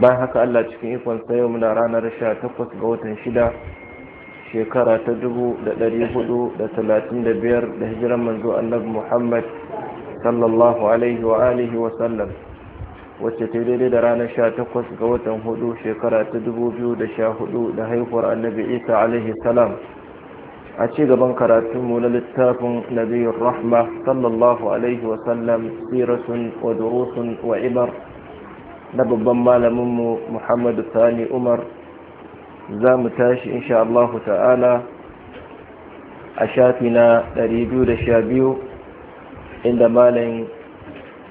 bayan haka Allah cikin ikon sayo muna ranar 18 ga watan 6 shekara ta 435 da hijiran manzo annabi Muhammad sallallahu alaihi wa alihi wa sallam wacce ta daidai da ranar 18 ga watan 4 shekara ta 2014 da haihuwar annabi Isa alaihi salam a ci gaban karatunmu na littafin nabiyar rahma sallallahu alaihi wa sallam sirasun wa durusun wa ibar na babban malaminmu muhammadu sani umar za mu tashi insha Allahu ta'ala a shafi na 212 inda malamin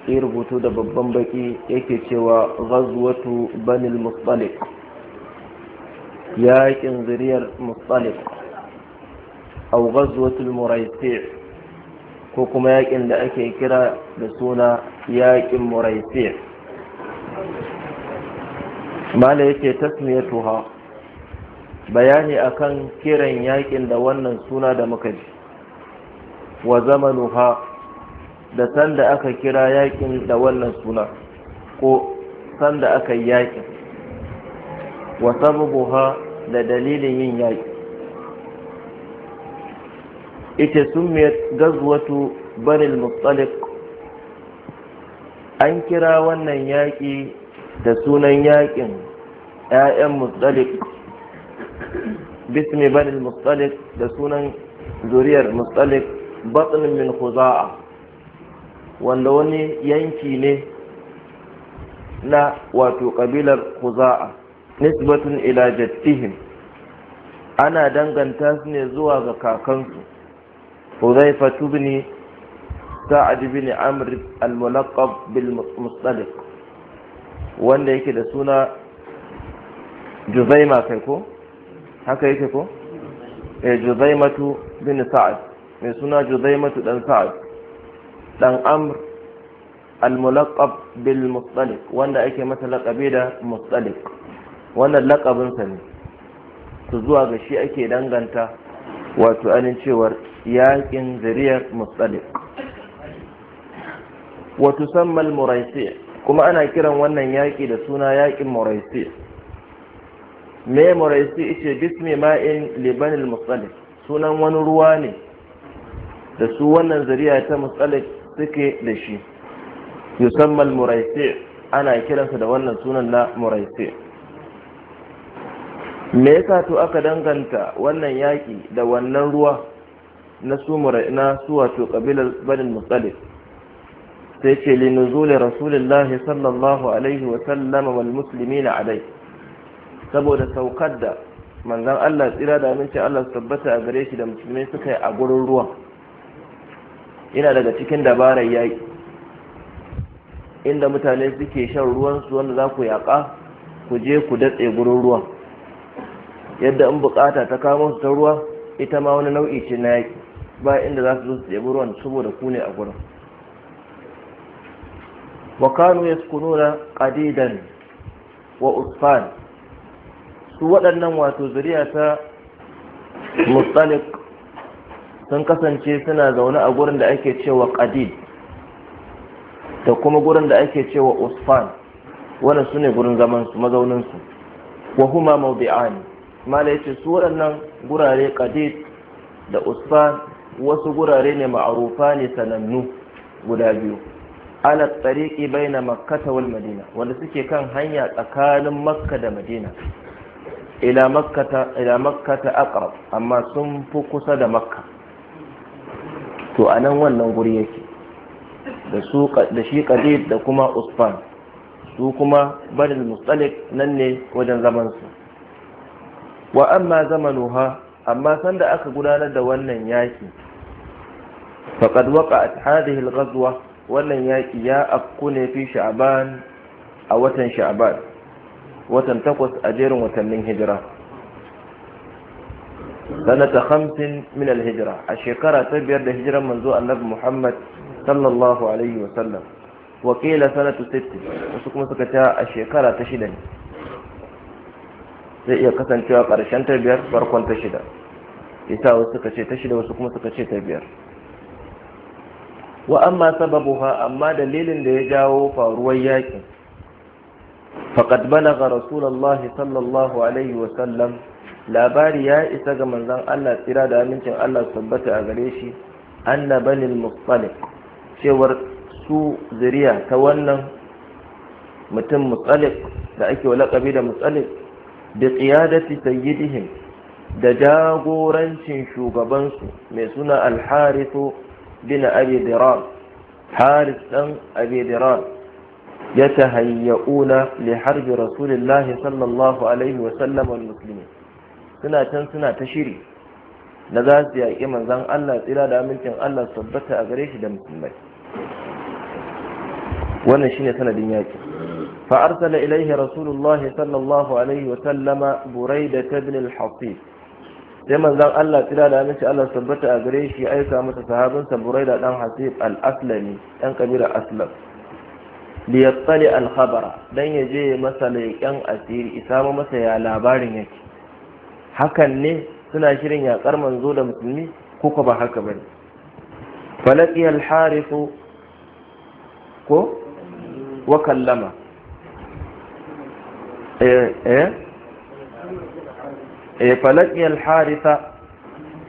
ya rubutu da babban baki yake cewa ghazwatu banil mustalik yaƙin zuriyar mustalik au ghazwatul muraisi ko kuma yaƙin da ake kira da suna yaƙin muraisi mala yake tasmiyatuha bayani akan kiran yakin da wannan suna da muka ji wa zamanuha da sanda aka kira yakin da wannan suna ko sanda aka yi yakin wa sababuha da dalilin yin yaki ita summiyat gazwatu banil muttaliq an kira wannan yaki da sunan yakin ‘ya'yan mutsalik bismi banil mutsalik da sunan zuriyar mutsalik batsin min khuza'a wanda wani yanki ne na wato kabilar huzaa. nisbatun ila jattihim ana danganta su ne zuwa ga kakansu Huzaifa ne Sa'ad bin Amr al-Mulaqqab bil Mutsalik. wanda yake da suna juzaima kai ko haka yake ko eh juzaimatu bin sa'ad mai suna juzaimatu dan sa'ad dan amr al-mulaqab bil wanda ake masa laqabi da mustalik wannan laqabin ne to zuwa ga shi ake danganta wato anin cewar yakin zuriyar mustalik wa tusamma al-muraisi' kuma ana kiran wannan yaƙi da suna yaƙin muraisi me muraisi ice bismi ma'in libanil musalik sunan wani ruwa ne da su wannan zariya ta musalik suke da shi yusammal muraisi ana kiransa da wannan sunan na muraisi me yasa to aka danganta wannan yaƙi da wannan ruwa na su wato kabilar banin musalik sai ce nuzuli rasulillahi sallallahu alaihi wa sallama wal muslimina alai saboda saukar da manzon Allah tsira da aminci Allah su tabbata a gare shi da musulmai suka yi a gurin ruwan yana daga cikin dabarar yayi inda mutane suke shan ruwan su wanda za ku yaƙa ku je ku datse gurin ruwan yadda in bukata ta kama su ta ruwa ita ma wani nau'i ce na yaƙi ba inda za su zo su ruwan saboda ku ne a gurin wa kanu qadidan wa يسكنون su wadannan wato أنهم ta مطلق sun kasance suna zaune a gurin da ake cewa qadid da kuma gurin da ake cewa usfan wannan sune gurin zaman su mazaunin su wa huma mawdi'an mala yace su wadannan gurare qadid da usfan wasu gurare ne ma'arufa ne sanannu guda biyu ala tsariki bai na makkata wal madina wanda suke kan hanya tsakanin makka da madina ila makkata aqrab amma sun fi kusa da makka to a wannan guri yake da shi kadid da kuma usman su kuma badal mustalik nan ne wajen zamansu wa amma zamanuha amma sanda aka gudanar da wannan yaki faqad waqa'at hadhihi al-ghazwa wannan yaƙi ya afku ne fi sha'aban a watan sha'aban watan takwas a jerin watannin hijira sanata hamsin min alhijira a shekara ta biyar da hijiran manzo annabi muhammad sallallahu alaihi wasallam wakila sanatu sittin wasu kuma suka ta a shekara ta shida ne zai iya kasancewa ƙarshen ta biyar farkon ta shida isa wasu suka ce ta shida wasu kuma suka ce ta biyar wa amma sababuha amma dalilin da ya jawo faruwar yakin faqad balagha rasulullahi sallallahu alaihi wa sallam labari ya isa ga manzon Allah tsira da amincin Allah tabbata a gare shi anna banil mustalik cewar su zuriya ta wannan mutum mustalik da ake wa laƙabi da mustalik bi qiyadati sayyidihim da jagorancin shugabansu mai suna alharisu bin abi haris dan abi ya yatahayya'una li harbi rasulillahi sallallahu alaihi wa sallam wal suna can suna ta shiri na za su yaƙi manzon Allah tsira da amincin Allah tabbata a gare shi da musulmai wannan shine sanadin yaƙi fa arsala ilaihi rasulullahi sallallahu alaihi wa sallama buraidah ibn al-hatib sai manzon Allah tsira da aminci Allah sabbata a gare shi aika masa sahabin sa Buraida dan Hasib al-Aslami dan kabila Aslam li yattali al-khabara dan yaje masa leƙen asiri isama masa ya labarin yake hakan ne suna shirin yakar manzo da musulmi kuka ba haka bane falaqi al harith ko wa kallama eh eh e eh, falakiyar harisa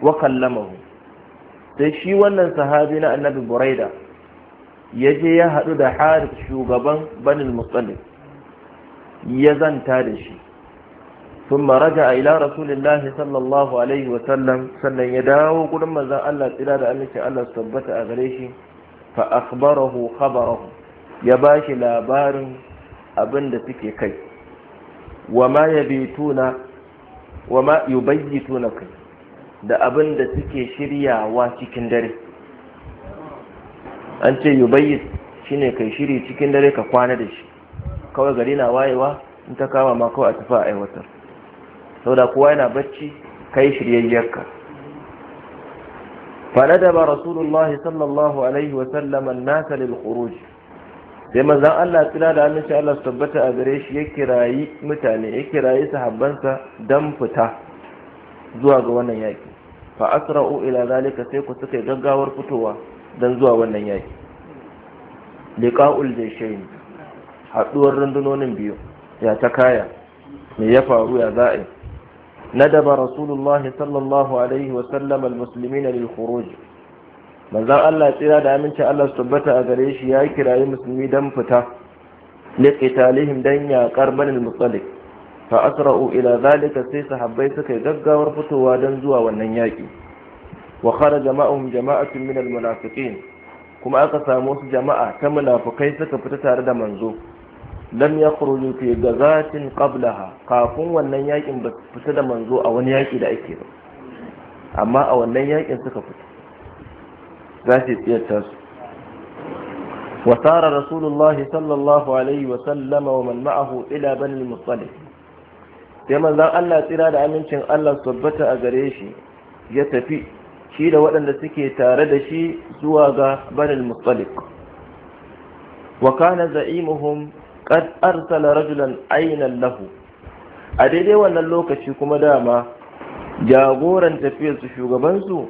wa kallamahu sai shi wannan sahabi na annabi buraida ya je ya haɗu da haris shugaban banin mutsalin ya zanta da shi sun maraja a ila rasulullahi sallallahu alaihi wasallam sannan ya dawo gudun manzan allah tsira da allah allah su tabbata a gare shi fa akhbarahu khabarahu ya ba shi labarin abin da suke kai wa ma ya wa ma yubayyituna kai da abin da suke shiryawa cikin dare an ce yubayyit shine kai shiri cikin dare ka kwana da shi kawai gari na wayewa in ta kama ma kawai a tafi a aiwatar saboda kowa yana bacci kai shiryayyarka ba رسول sallallahu alaihi الله an وسلم الناس للخروج sai mazan Allah tsira da aminci Allah su tabbata a gare shi ya kirayi mutane ya kirayi sahabbansa dan fita zuwa ga wannan yaƙi. fa asra'u ila zalika sai ku suka gaggawar fitowa don zuwa wannan yaki liqa'ul jayshayn haduwar rundunonin biyu ya ta kaya me ya faru ya za'i ندب sallallahu alaihi wa sallam, al وسلم المسلمين للخروج manzan Allah tsira da amincin Allah su tabbata a gare shi ya kirayi musulmi dan fita liqitalihim dan yaƙar banil mutalik fa asra'u ila zalika sai sahabbai suka yi gaggawar fitowa dan zuwa wannan yaƙi wa kharaja jama'un jama'atun minal munafiqin kuma aka samu wasu jama'a ta munafukai suka fita tare da manzo lam yakhruju fi gazatin qablaha kafin wannan yakin ba fita da manzo a wani yaki da ake ba amma a wannan yakin suka fita za su tsiyarta su وسار رسول الله صلى الله عليه وسلم ومن ila إلى بني sai manzon Allah tsira da amincin Allah tabbata a gare shi ya tafi shi da waɗanda suke tare da shi zuwa ga banil mustalik wa kana za'imuhum qad arsala rajulan aynan lahu a daidai wannan lokaci kuma dama jagoran tafiyarsu su shugaban su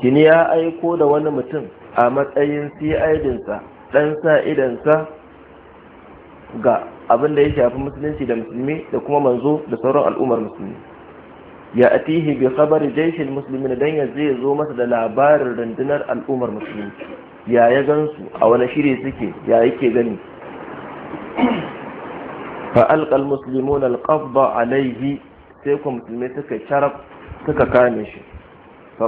kini ya aiko da wani mutum a matsayin siaidinsa 'dan sa idansa ga abin da ya shafi musulunci da musulmi da kuma manzo da sauran al'ummar musulmi ya atihi bi khabari jaishin musulmi dan ya zai zo masa da labarin rundunar al'ummar musulmi ya ya gansu a wani shiri suke ya yake gani fa alqal muslimuna alqabda alaihi sai kuma musulmi suka sharaf suka kame shi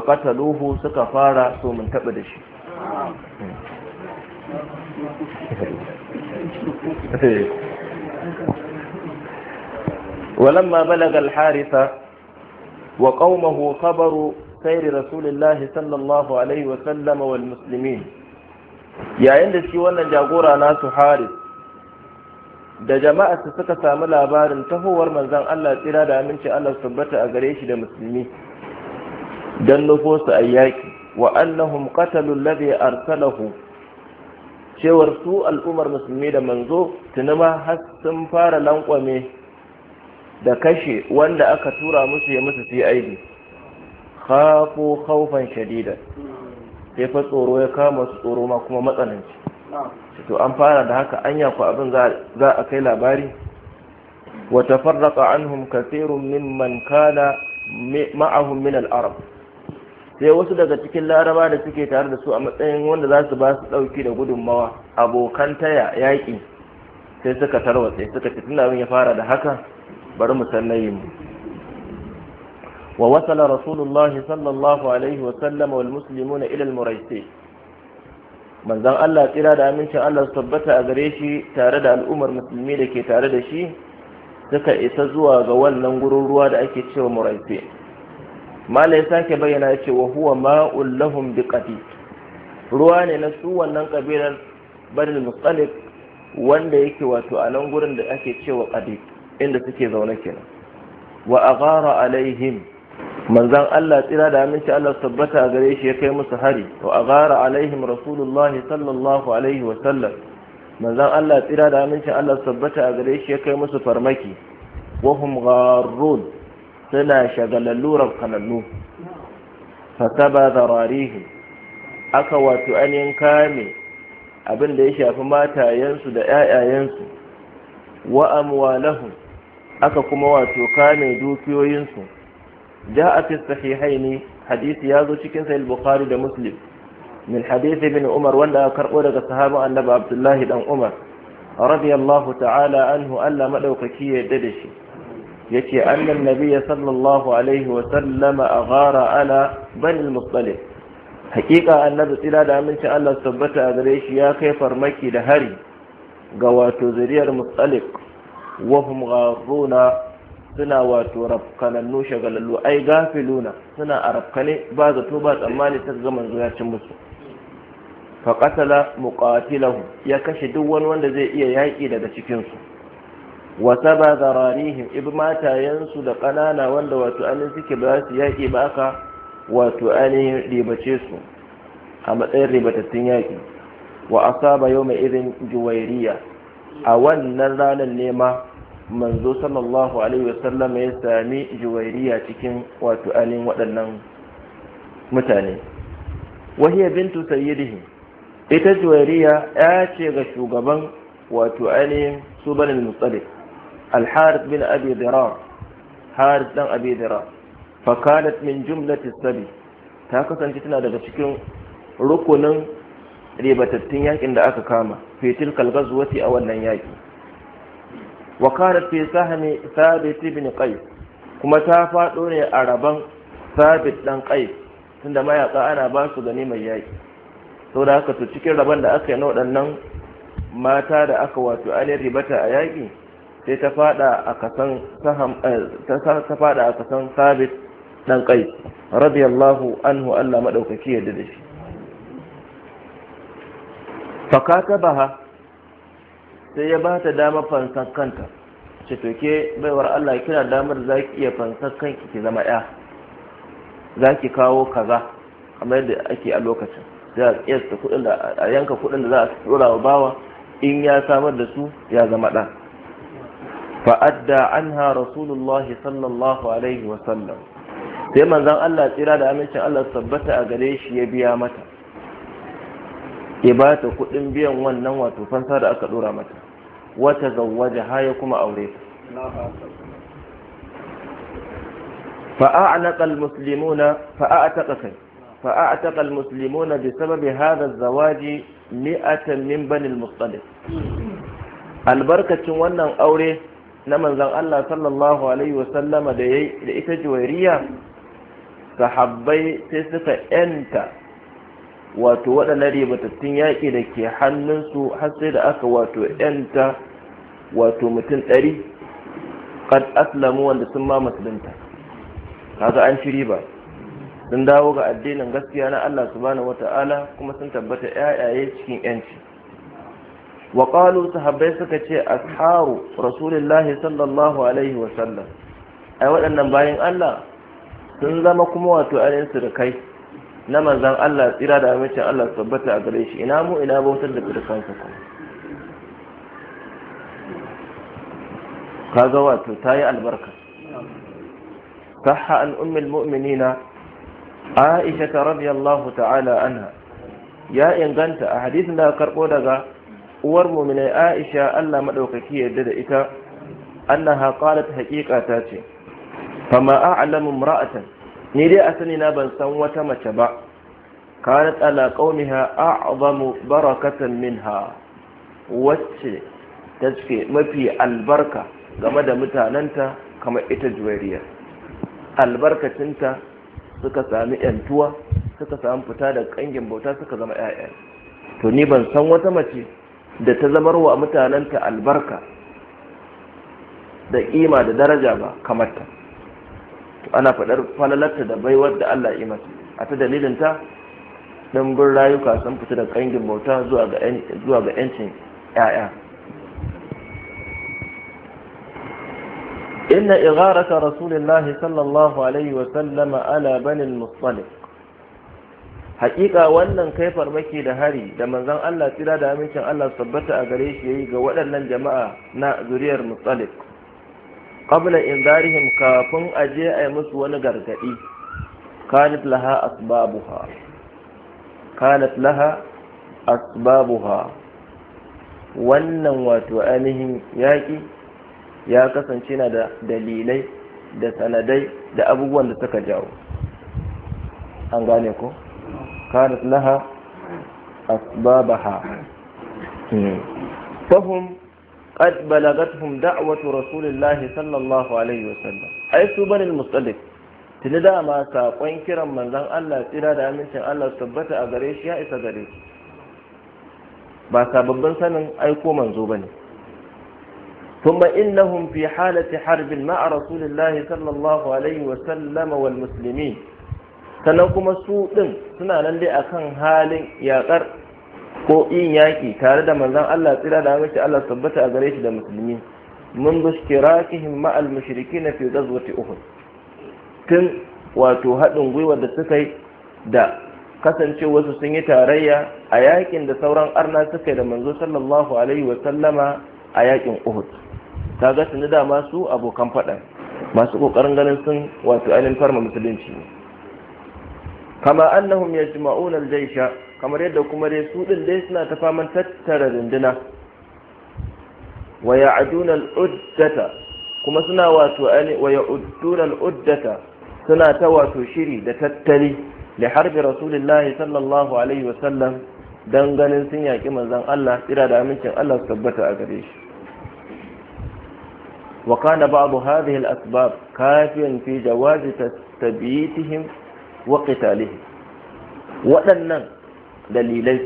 faƙataluhu suka fara so mun taɓa da shi ولما بلغ الحارثة وقومه kabaru سير رسول الله صلى الله عليه وسلم والمسلمين yayin da shi wannan jagora nasu haris da jama'a su suka samu labarin tahowar manzon Allah tsira da aminci Allah tabbata a gare shi da musulmi don nufo a yaƙi wa annahum qatalu alladhi arsalahu cewar su al'ummar musulmi da manzo tunama har sun fara lankwame da kashe wanda aka tura musu ya musu CID khafu khawfan shadida sai fa tsoro ya kama su tsoro ma kuma matsananci to an fara da haka anya ku abin za a kai labari wa tafarraqa anhum kaseerun mimman kana ma'ahum min al-arab sai wasu daga cikin laraba da suke tare da su a matsayin wanda za su ba su ɗauki da gudunmawa abokan taya yaƙi sai suka tarwatse suka ce tun abin ya fara da haka bari mu sallaye mu wa wasala rasulullahi sallallahu alaihi wa sallama wal muslimuna ila al muraisi manzon Allah tsira da amincin Allah su tabbata a gare shi tare da al'ummar musulmi da ke tare da shi suka isa zuwa ga wannan gurin ruwa da ake cewa muraisi mala ya sake bayyana ya ce wa huwa ma'ul lahum biqati ruwa ne na su wannan kabilar banil muqallib wanda yake wato a nan gurin da ake cewa qadi inda suke zaune kenan wa aghara alaihim manzan Allah tsira da aminci Allah tabbata a gare shi ya kai musu hari wa aghara alaihim rasulullahi sallallahu alaihi wa sallam manzan Allah tsira da aminci Allah tabbata a gare shi ya kai musu farmaki wa hum gharrun suna shagalallu rafkanallu fasaba zararihi aka wato ainihin kame abin da ya shafi matayensu da 'ya'yayensu wa amwalahu aka kuma wato kame dukiyoyinsu ja'a fi ne hadisi ya zo cikin sahih bukhari da muslim min hadisi bin umar wanda aka karbo daga sahaba annabi abdullahi dan umar radiyallahu ta'ala anhu Allah madaukaki ya yarda da shi yace annan nabiyya sallallahu alaihi wa sallama aghara ala bani muttalib hakika annabi tsira da amincin Allah tabbata a gare shi ya kai farmaki da hari ga wato zuriyar muttalib wa hum gharuna suna wato rafkanannu shagalallu ai gafiluna suna a rafkane ba zato ba tsammani ta ga manzo ya cin musu fa qatala muqatilahu ya kashe duk wani wanda zai iya yaki daga cikin su wata ba zararihim ib matayensu da ƙanana wanda wato anin suke ba su yaƙi ba aka wato ribace su a matsayin ribatattun yaƙi wa asaba yau mai irin juwairiya a wannan ranar nema manzo sallallahu alaihi wasallam ya sami juwairiya cikin wato anin waɗannan mutane wahiyar bintu sayyidihim ita juwairiya ya ce ga shugaban wato ainihin su banin mutsalif الحارث بن أبي ضرار حارث بن أبي ضرار فكانت من جملة السبي تاكس أن تتنا daga cikin rukunin ribatattun yakin da aka kama fi tilkal a wannan yaki wa kanat fi sahmi thabit ibn qais kuma ta faɗo ne a rabon thabit ɗan qais tunda mayaka ana ba su ni mai yaki saboda haka to cikin raban da aka yi na waɗannan mata da aka wato ainihin ribata a yaƙin? sai ta fada a kasan saham eh, ta fada a kasan sabit dan kai radiyallahu anhu Allah madaukaki yadda da shi fakatabaha sai ya bata damar fansan kanta ce ke baiwar Allah kina damar zaki iya fansan kanki ki zama ya zaki kawo kaza kamar yadda ake a lokacin za a yanka kudin da za a dora wa bawa in ya samar da su ya zama ɗan فأدى عنها رسول الله صلى الله عليه وسلم sai manzon Allah tsira da amincin Allah sabbata a gare shi ya biya mata ya ba ta kuɗin biyan wannan wato fansa da aka ɗora mata wata zawwaja haya kuma aure ta فأعنق المسلمون فأعتق فأعتق المسلمون بسبب هذا الزواج مئة من بني المصطلق albarkacin wannan aure na manzan Allah sallallahu alaihi wasallama da da ita juwairiya sahabbai sai suka yanta wato waɗannan ribatattun yaƙi da ke hannunsu har sai da aka wato yanta wato mutum ɗari ƙad aslamu wanda sun ma musulunta kaga an shiri ba. sun dawo ga addinin gaskiya na Allah subhanahu wata'ala kuma sun tabbata yayaye cikin yanci wa qalu sahabbai suka ce asharu rasulillahi sallallahu alaihi Wasallam. sallam ai waɗannan bayan Allah sun zama kuma wato da kai. na manzan Allah tsira da amincin Allah tabbata a gare shi ina mu ina bautar da surukansa kuma kaga wato ta yi albarka صح عن أم المؤمنين عائشة رضي الله تعالى عنها يا إن كنت أحاديث لا karɓo daga. uwar mu'minai Aisha Allah madaukaki yadda da ita annaha qalat haqiqa ta ce ma a'lamu imra'atan ni dai a sani na ban san wata mace ba kanat ala qaumiha a'zamu barakatan minha wacce take mafi albarka game da mutananta kamar ita juwariya albarkacinta suka sami yantuwa suka samu fita da kangin bauta suka zama 'ya'ya to ni ban san wata mace da ta zamar wa mutanenta albarka da ƙima da daraja ba kamarta ana faɗar falalarta da baiwar da Allah ima su, a ta dalilinta ɗimbin rayuka sun fita da ƙangin bauta zuwa ga 'yancin 'ya'ya inna igharata rasulillahi sallallahu alaihi wasallama ala banin mustalif haƙiƙa wannan kai farmaki da hari da manzon Allah tsira da amincin Allah tabbata a gare shi yayi ga waɗannan jama'a na zuriyar Mutsalib qabla inzarihim kafin a je a yi musu wani gargaɗi kanat laha asbabuha kanat laha asbabuha wannan wato ainihin yaƙi ya kasance na da dalilai da sanadai da abubuwan da suka jawo an gane ko قالت لها أسبابها فهم قد بلغتهم دعوة رسول الله صلى الله عليه وسلم أي سبن المصطلق تندى ما ساقوين كرم من ذن الله ترى دامن شان الله ثبت أغريش يا إسا غريش ba sababbin sanin aiko manzo bane ثم إنهم في حالة حرب مع رسول الله صلى الله عليه وسلم والمسلمين sannan kuma su ɗin suna nan dai akan halin yaƙar ko yin yaƙi tare da manzan Allah tsira da mace Allah tabbata a gare shi da musulmi mun al ma'al na fi wata uhud tun wato haɗin gwiwar da suka yi da kasancewarsu sun yi tarayya a yaƙin da sauran arna suka yi da manzo sallallahu alaihi wa sallama a yakin uhud kaga tuni da masu abokan faɗa masu ƙoƙarin ganin sun wato ainihin farma musulunci ne kama annahum yajma'una al-jaysha kamar yadda kuma dai su din dai suna ta faman tattara runduna wa ya'duna al-uddata kuma suna wato ani wa ya'duna al-uddata suna ta wato shiri da tattali li harbi rasulillahi sallallahu alaihi wa sallam dan ganin sun yaki manzon Allah tsira da amincin Allah su tabbata a gare shi wa kana ba'd hadhihi al-asbab kafiyan fi jawazi tatabitihim wa qitalihi waɗannan dalilai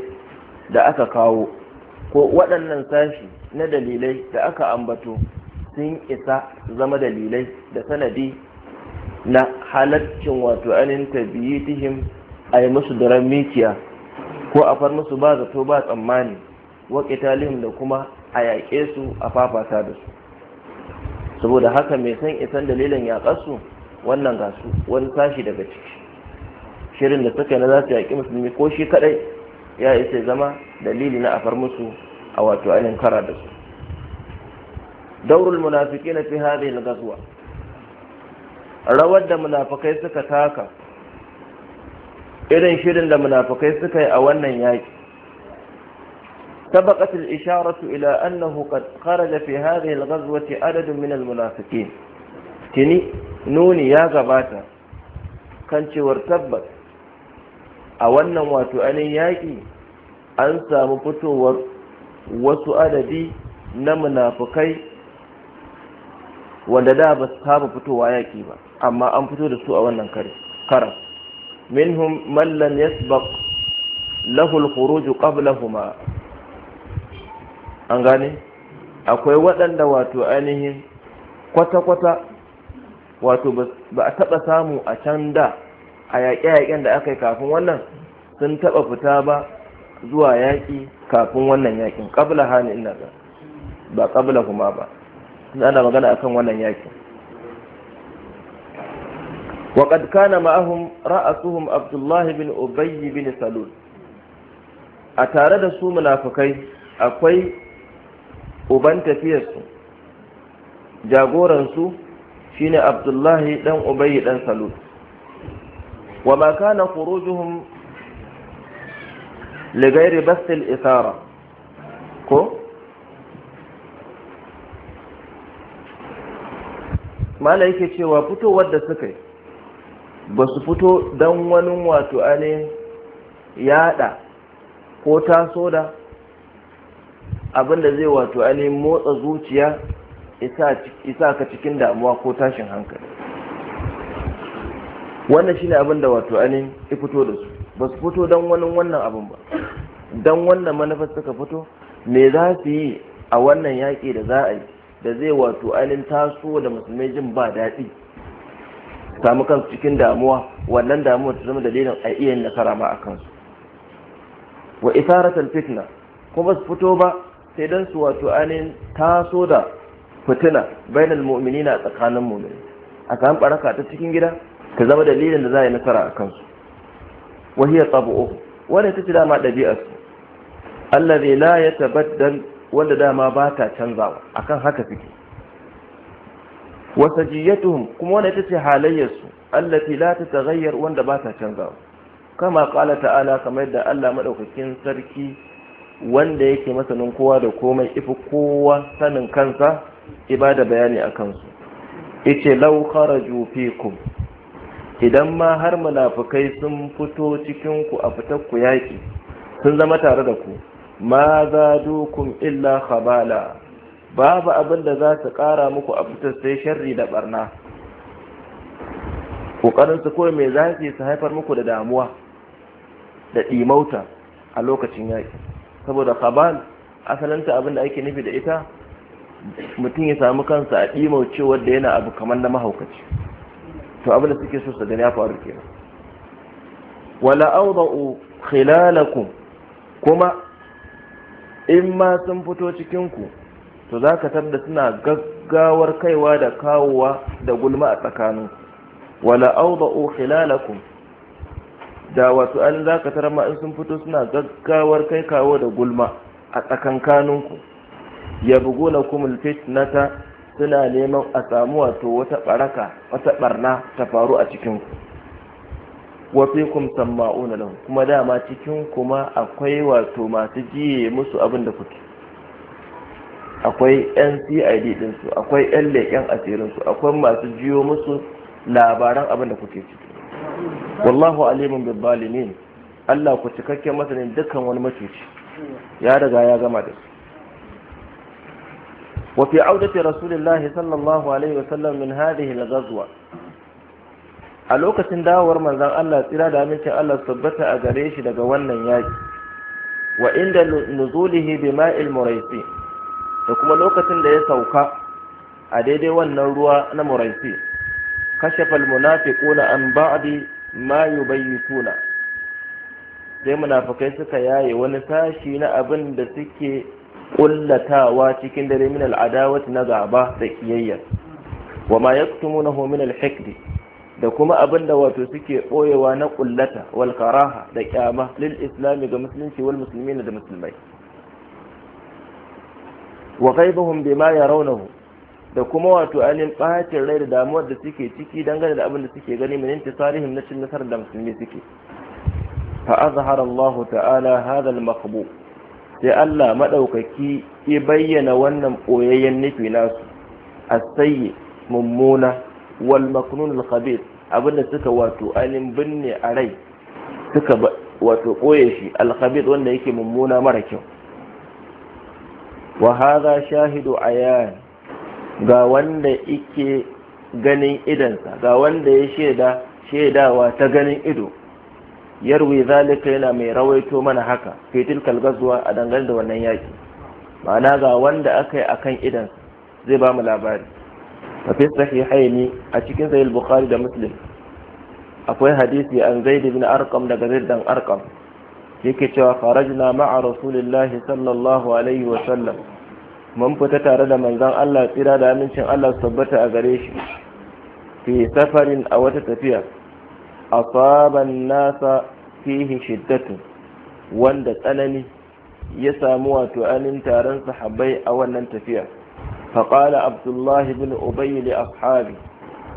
da aka kawo ko waɗannan sashi na dalilai da aka ambato sun isa zama dalilai da sanadi na halaccin wato anin tabiyitihim a yi musu daren mikiya ko a far musu ba zato ba tsammani wa qitalihim da kuma a yaƙe su a fafata da su saboda haka mai san isan dalilin yaƙarsu wannan gasu wani sashi daga ciki shirin da suka na za su yaƙi musulmi ko shi kaɗai ya isa zama dalili na afar musu a wato ainihin kara da su daurul munafiki na fi hadhihi al-ghazwa rawar da munafikai suka taka irin shirin da munafikai suka yi a wannan yaƙi سبقت الإشارة إلى أنه قد خرج في هذه الغزوة عدد من المنافقين تني نوني يا غباتا كانت cewar a wannan wato ainihin yaƙi an samu fitowar wasu adadi na munafukai wanda da ba su saba fitowa yaƙi ba amma an fito da su a wannan kara minhum man lam yasbaq lahu al-khuruj qablahuma an gane akwai waɗanda wato ainihin kwata-kwata wato ba a taɓa samu a can da a yaƙe-yaƙen da aka yi kafin wannan sun taɓa fita ba zuwa yaƙi kafin wannan yaƙin ƙabla hali ina ga ba ƙabla kuma ba ana magana akan wannan yaƙin waƙad kana ma'ahum ra'asuhum abdullahi bin ubayy bin salul a tare da su munafukai akwai uban tafiyarsu jagoransu shine abdullahi dan ubayy dan salul وما كان خروجهم لغير بث الإثارة كو mala yake cewa fito da suka yi ba su fito don wani wato ane yada ko taso abinda zai wato ane motsa zuciya isa ka cikin damuwa ko tashin hankali wannan shine abin da wato anin ya fito da su ba su fito don wani wannan abin ba don wannan manufar suka fito me za su yi a wannan yaƙi da za a yi da zai wato anin taso da musulmai jin ba daɗi samu kansu cikin damuwa wannan damuwa ta zama dalilin a iya yin nasara ma a kansu wa isaratul fitna kuma su fito ba sai dan su wato anin taso da fitina bainal mu'minina tsakanin mu'mini a kan baraka ta cikin gida ta zama dalilin da za a yi nasara a kansu wahiyar uku, wanda ta ci dama ɗabi'arsu zai la ya tabbatar wanda dama ba ta canzawa kan haka suke wasajiyatuhum kuma wanda ta ce halayyarsu fi la ta tagayyar wanda ba ta canzawa kama kala ta'ala kamar yadda Allah maɗaukakin sarki wanda yake masanin kowa da komai ifi kowa sanin kansa ibada bayani a kansu ice lau kharaju fikum idan ma har munafukai sun fito cikin ku a fitar ku yaƙi sun zama tare da ku ma za dukun illa khabala babu abin da za su ƙara muku a fitar sai sharri da barna ƙoƙarin su kawai mai zafi su haifar muku da damuwa da ɗimauta a lokacin yaƙi saboda khabal asalanta abin da ake nufi da ita mutum ya samu kansa a ɗimaucewar da yana abu kamar na mahaukaci to abin da suke so su gani ya faru kenan wala awda'u khilalakum kuma in ma sun fito cikin ku to zaka tabbata suna gaggawar kaiwa da kawowa da gulma a tsakanin wala awda'u khilalakum da wato an zaka tarma in sun fito suna gaggawar kai kawo da gulma a tsakankaninku na kumul fitnata suna neman a samu wato wata baraka wata barna ta faru a cikin ku wa fikum sama'una kuma dama cikin kuma akwai wato masu jiye musu abin da kuke akwai yan cid din su akwai yan leƙen asirin su akwai masu jiyo musu labaran abin da kuke ciki wallahu alimun bil zalimin Allah ku cikakken masanin dukkan wani macuci ya riga ya gama da su وفي عودة رسول الله صلى الله عليه وسلم من هذه الغزوة a lokacin dawowar manzan Allah tsira da amincin Allah tabbata a gare shi daga wannan yaki wa inda nuzulihi bi ma'il muraisi da kuma lokacin da ya sauka a daidai wannan ruwa na muraisi kashafa almunafiquna an ba'di ma yubayyituna sai munafikai suka yaye wani sashi na abin da suke kullatawa cikin dare min al'adawati na gaba da kiyayya wa ma yaktumunahu min al-hikdi da kuma abin da wato suke ɓoyewa na kullata wal karaha da kyama lil islami ga musulunci wal muslimina da musulmai wa ghaibuhum bima yarawnahu da kuma wato ainihin ɓacin rai da damuwar da suke ciki dangane da abin da suke gani min intisarihim na cin nasarar da musulmi suke fa azhara Allah ta'ala hadha al-maqbu sai Allah maɗaukaki ya bayyana wannan ɓoyayyen nufi nasu asayye mummuna wal maknun al-khabir abinda suka wato ainihin binne a rai suka wato ɓoye shi al-khabir wanda yake mummuna mara kyau wa hadha shahidu ayan ga wanda yake ganin idansa ga wanda ya shaida shaidawa ta ganin ido yarwi zalika yana mai rawaito mana haka fi tilkal gazuwa a dangane da wannan yaki ma'ana ga wanda aka yi akan idan zai ba mu labari fa fi sahihaini a cikin sahih bukhari da muslim akwai hadisi an zaid ibn arqam daga zaid dan arqam yake cewa kharajna ma'a rasulillahi sallallahu alaihi wa sallam mun fita tare da manzon Allah tsira da amincin Allah su tabbata a gare shi fi safarin a wata tafiya asaban nasa fihi shiddatu wanda tsanani ya samu wato anin taron sahabbai a wannan tafiya faƙala abdullahi bin ubai li ashabi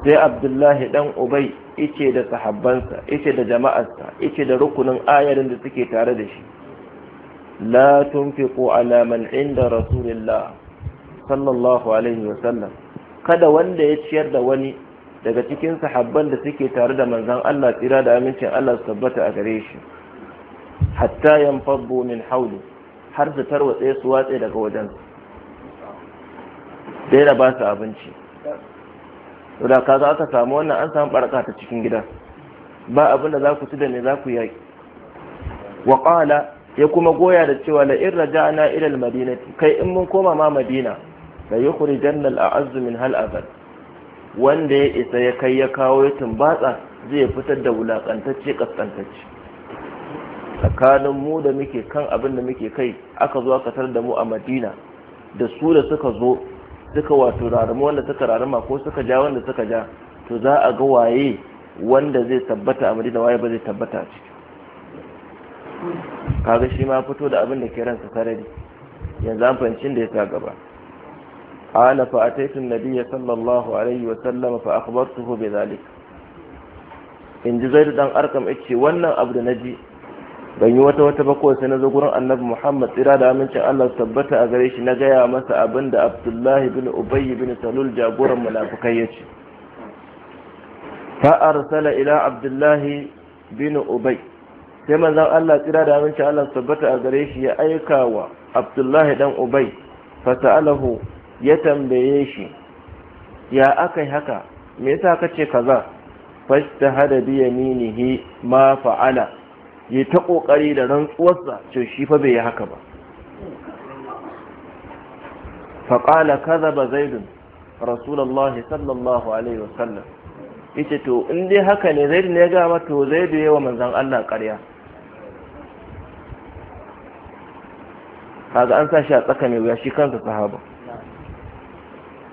sai abdullahi dan ubai ice da sahabbansa ice da jama'arsa ice da rukunin ayarin da suke tare da shi la tunfiqu ala man inda rasulillah sallallahu alaihi wasallam kada wanda ya ciyar da wani daga cikin sahabban da suke tare da manzan Allah tsira da amincin Allah su tabbata a gare shi hatta yanfaddu min hawli har su tarwatse su watse daga wajen sai da ba su abinci to da kaza aka samu wannan an samu barka ta cikin gida ba abin za ku ci da me za ku yaki wa qala ya kuma goya da cewa la in raja'na ila al-madinati kai in mun koma ma madina la yukhrijanna al-a'azzu min hal azal wanda ya isa ya kai ya kawo ya tumbatsa zai fitar da wulakantacce kaskantacce tsakanin mu da muke kan abin da muke kai aka zo aka da mu a madina da su da suka zo suka wato rarama wanda suka rarama ko suka ja wanda suka ja to za a ga waye wanda zai tabbata a madina waye ba zai tabbata a ciki kaga shi ma fito da abin da ke ransa sarari yanzu an fahimci da ya sa gaba قال فأتيت النبي صلى الله عليه وسلم فأخبرته بذلك in ji zai dan arkam ya wannan abu da na ji ban yi wata wata bakwai sai na zo annabi muhammad tsira da amincin allah tabbata a gare shi na gaya masa abin da abdullahi bin ubayy bin salul jagoran munafukai ya ce fa arsala ila abdullahi bin ubay sai manzon allah tsira da amincin allah tabbata a gare shi ya aika wa abdullahi dan Ubai fa ya tambaye shi ya aka haka me yasa ka ce kaza fastahada bi yaminihi ma fa'ala yi ta kokari da rantsuwarsa to shi fa bai yi haka ba fa qala ba zaidun rasulallahi sallallahu alaihi wasallam ita to in dai haka ne zaid ne ga zaid yayi wa manzan Allah ƙarya kaga an sa shi a tsaka mai wuya shi kansa sahaba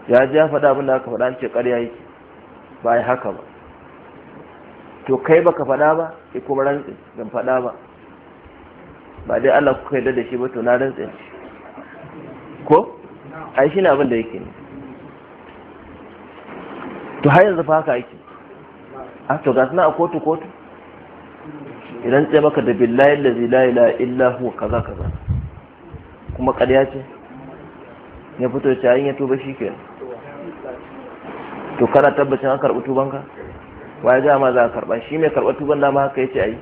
ya ji ya faɗa abinda aka faɗa an ce ƙarya yake ba ya haka ba to kai baka faɗa ba ya kuma rantsi ban faɗa ba ba dai Allah ku yarda da shi ba to na rantsi ko ai shi ne abin da yake ne to har yanzu fa haka yake a to ga suna a kotu kotu idan tsaye maka da billahi zilayi la illahu illa kaza kaza kuma ƙarya ce ya fito ta ya tuba shi kenan to kana tabbacin an karɓi tubanka waye ga ma za a karɓa shi mai karɓar tuban dama haka yace yi.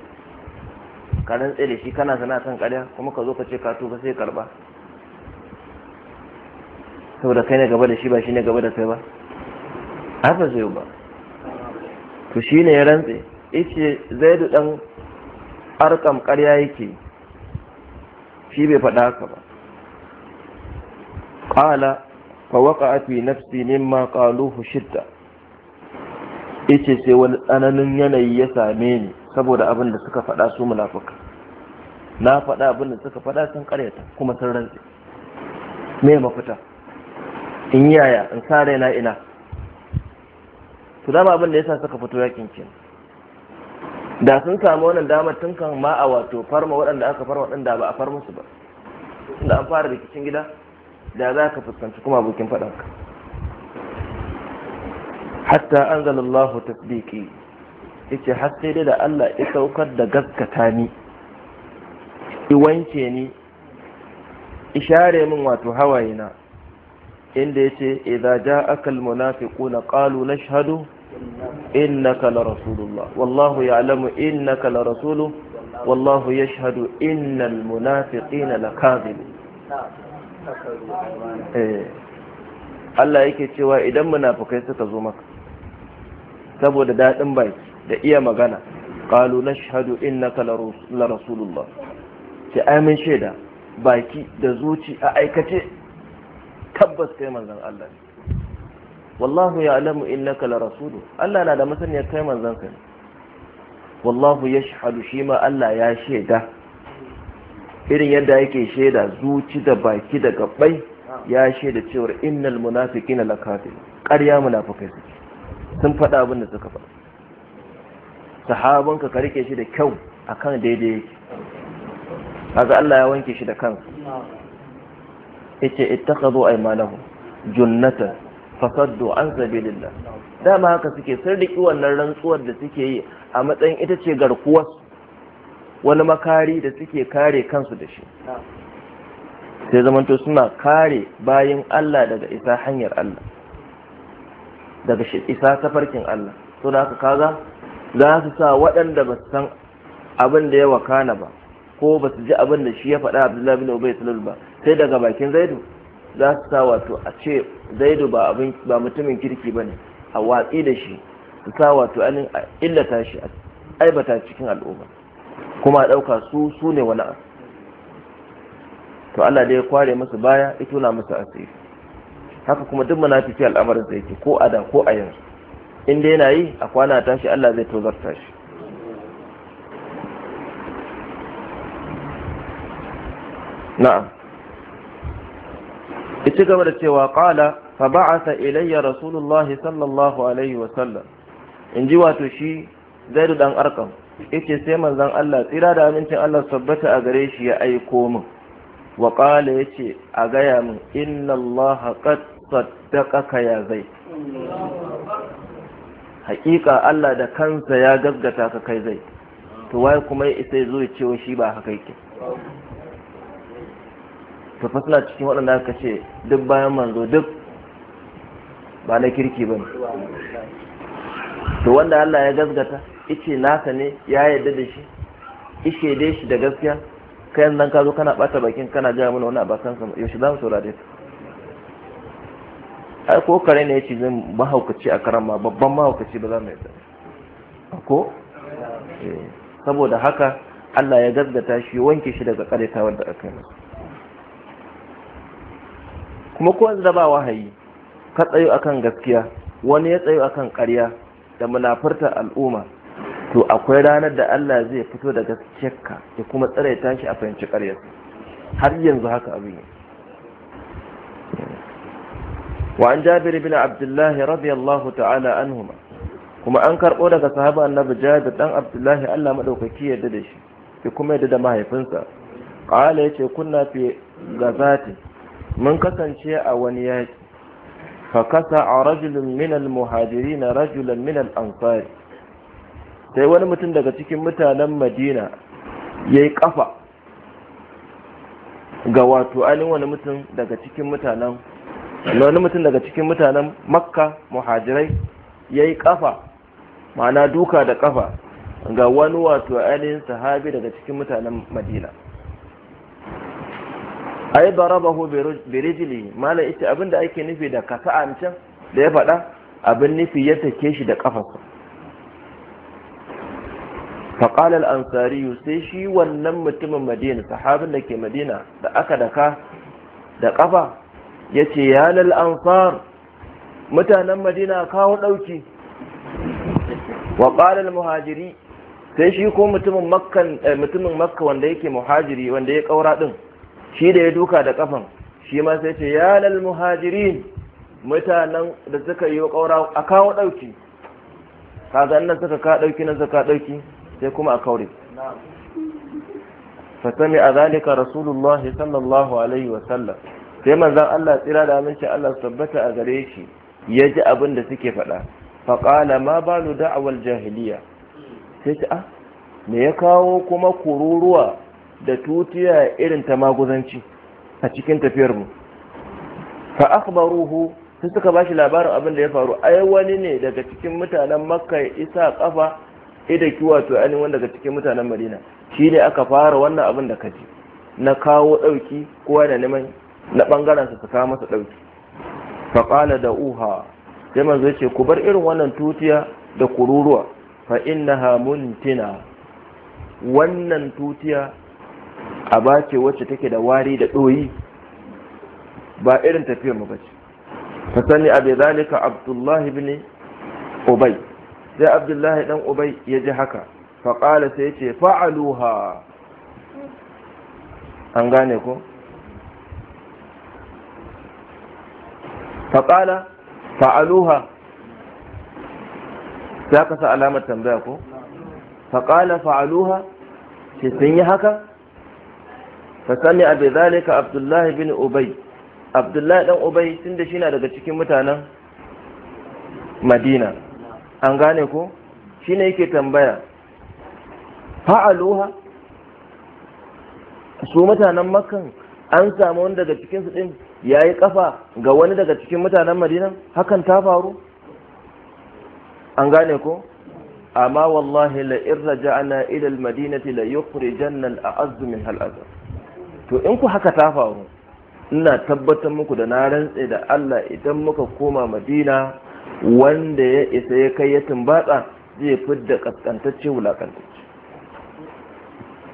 ka rantse da shi kana sana kan ƙarya kuma ka zo ka ce ka tuba sai karɓa saboda kai ne gaba da shi ba shi ne gaba da kai ba haka zai ba to shi ne ya rantse yace zaidu dan arkam ƙarya yake shi bai faɗa haka ba ƙala فوقع في نفسي مما قالوه شدة yace sai wani tsananin yanayi ya same ni saboda abin da suka faɗa su munafuka na faɗa abin da suka faɗa sun ƙaryata kuma sun rantse me mafita in yaya in sa raina ina to dama abin da yasa suka fito yakin kin da sun samu wannan dama tun kan ma a wato farma waɗanda aka farma waɗanda ba a farma su ba tunda an fara rikicin gida da za ka fuskanci kuma abokin faɗanka hatta an zalallahu tasbiki yace har sai dai da Allah ya saukar da gaskata ni iwance ni ishare min wato hawaye na inda yace idza ja'aka almunafiquna qalu nashhadu innaka la rasulullah wallahu ya'lamu innaka la rasuluhu wallahu yashhadu innal munafiqina lakadhibun Eh. Allah yake cewa idan munafukai suka zo maka saboda daɗin bai da iya magana qalu nashhadu innaka la rasulullah ce amin sheda baki da zuci a aikace tabbas kai manzon Allah wallahu ya'lamu innaka la rasulu Allah na da masaniyar kai manzon ka wallahu yashhadu shi ma Allah ya shaida irin yadda yake shaida zuci da baki da gabbai ya shaida cewar innal munafiqina lakafir ƙarya munafikai suke sun faɗa abin da suka faɗa sahabanka ka rike shi da kyau akan daidai yake kaga Allah ya wanke shi da kansa yace ittakhadhu aymanahum junnatan fasaddu an sabilillah dama haka suke sun riki wannan rantsuwar da suke yi a matsayin ita ce garkuwar wani makari da suke kare kansu da shi sai zamanto suna kare bayan Allah daga isa hanyar Allah daga isa tafarkin Allah to da haka kaza? za su sa waɗanda ba su san abin da ya wakana ba ko ba su ji abin da shi ya faɗa abdullahi bin ubay sulul ba sai daga bakin zaidu za su sa wato a ce zaidu ba ba mutumin kirki ne, a watsi da shi su sa wato an illata shi a aibata cikin al'umma kuma a ɗauka su su ne wani to Allah dai ya kware masa baya ya tona masa asiri haka kuma duk munafiki al'amarin sa yake ko a da ko a yanzu in dai yana yi a kwana tashi Allah zai tozarta shi na'am Ita gaba da cewa qala fa ba'atha ilayya rasulullahi sallallahu alaihi wa sallam in ji wato shi da dan arkan yace sai manzon Allah tsira da amincin Allah sabbata a gare shi ya aiko min wa qala yace a gaya min inna Allah qad saddaqaka ya zai hakika Allah da kansa ya gaggata ka kai zai to wai kuma sai zo ya ce shi ba haka yake to fa suna cikin waɗanda aka ce duk bayan manzo duk ba na kirki ba ne to wanda Allah ya gaggata ice nasa ne ya yarda da shi ishe dai shi da gaskiya kai nan ka zo kana bata bakin kana jira mana wani abakan sa yaushe za mu saurare ta ai ko kare ne yace zan mahaukaci a karama babban mahaukaci ba za mu yarda ko eh, saboda haka Allah ya gaggata shi wanke shi daga karetawar da aka yi kuma ko yanzu da ba wahayi ka tsayo akan gaskiya wani ya tsayo akan ƙarya da munafurta al'umma to akwai ranar da Allah zai fito da gaskiyarka ya kuma tsare ta a fahimci ƙaryar har yanzu haka abin yake wa an jabir bin abdullahi radiyallahu ta'ala anhuma kuma an karɓo daga sahaba annabi jabir dan abdullahi Allah madaukaki yarda da shi ya kuma yarda da mahaifinsa qala yace kunna fi gazati mun kasance a wani yaki fa kasa rajulun min al-muhajirin rajulan min al-ansari sai wani mutum daga cikin mutanen madina ya yi kafa ga wato ainihin wani mutum daga cikin mutanen wani mutum daga cikin mutanen makka muhajirai ya yi kafa ma'ana duka da kafa ga wani wato ainihin sahabi daga cikin mutanen madina yi darabahu bi birijili mala ita abinda ake nufi da kasa'an can da ya faɗa abin nufi ya take shi da kafarsa فقال ansariyu sai shi wannan mutumin madina sahabin da ke madina da aka daka da ƙafa ya ce yanar ansar mutanen madina kawo ɗauki al muhajiri sai shi ko mutumin makka wanda yake muhajiri wanda ya ƙaura ɗin shi da ya duka da ƙafan shi ma sai ce yanar muhajiri mutanen da suka yi kaura a kawo dauki kaga annan suka ka ɗauki nan suka ɗauki sai kuma a kaure fasami a zalika rasulullah sallallahu alaihi wasallam sai manzan Allah tsira da aminci Allah tabbata a gare shi ya ji abin da suke faɗa faƙala ma ba nu da'awar jahiliya sai ta ah, me ya kawo kuma kururuwa da tutiya irin ta maguzanci a cikin tafiyar mu fa akhbaruhu sai suka bashi labarin abin da ya faru ai wani ne daga cikin mutanen makka ya isa kafa ida ki wato ainihin wanda daga cikin mutanen madina shi ne aka fara wannan abin da kaji na kawo ɗauki kowa da neman na bangaren su kawo masa ɗauki faƙala da uha sai manzo ce ku bar irin wannan tutiya da kururuwa fa innaha muntina wannan tutiya a ce wacce take da wari da ɗoyi ba irin tafiyar mu bace fa sani abi zalika abdullahi ibn ubay sai abdullahi dan ubai ya ji haka faƙala sai ce fa'aluha an gane ko faƙala fa'aluha sai ka sa alamar tambaya ko faƙala fa'aluha sai sun yi haka fasami abu zalika abdullahi bin ubai abdullahi dan ubai tun da shi na daga cikin mutanen madina an gane ko shine yake tambaya fa'aluha su mutanen makkan an samu wani daga cikinsu ɗin ya yi ƙafa ga wani daga cikin mutanen madinan hakan ta faru an gane ko amma wallahi la irra ja'ana ila almadinati la jannan a azumin al'azab to in ku haka ta faru ina tabbatar muku da na rantse da Allah idan muka koma madina wanda ya isa ya kai ya tumbatsa zai fi da kaskantacce wulakantacce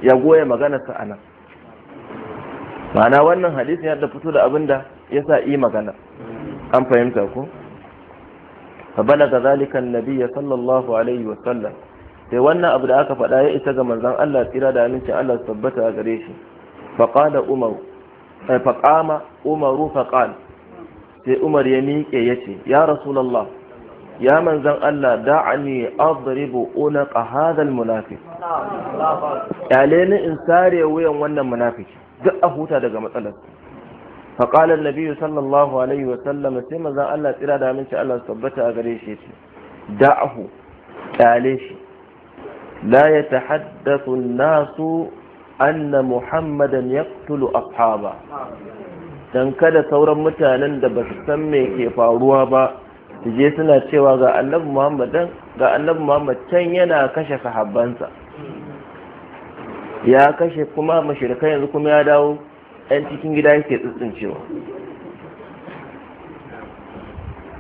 ya goya maganarsa a nan ma'ana wannan hadisin ya da fito da abin da ya sa yi magana an fahimta ko fa balaga zalika annabiyya sallallahu alaihi wa sallam sai wannan abu da aka faɗa ya isa ga manzon Allah tsira da amincin Allah tabbata a gare shi fa qala umar eh, fa qama umar sai umar ya miƙe ya ce ya rasulallah ya manzan Allah da'ani adribu unaqa hadha almunafiq kyale ni in sare wuyan wannan munafiki duk a huta daga matsalar fa qala an-nabi sallallahu alaihi wa sallam sai manzan Allah tsira da aminci Allah tabbata a gare shi ce dahu yale shi la yatahaddathu an-nasu anna muhammadan yaqtulu ashaba don kada sauran mutanen da ba su san me ke faruwa ba su je suna cewa ga annabi muhammad ga annabi muhammad can yana kashe sahabbansa ya kashe kuma mashirka yanzu kuma ya dawo yan cikin gida yake tsitsincewa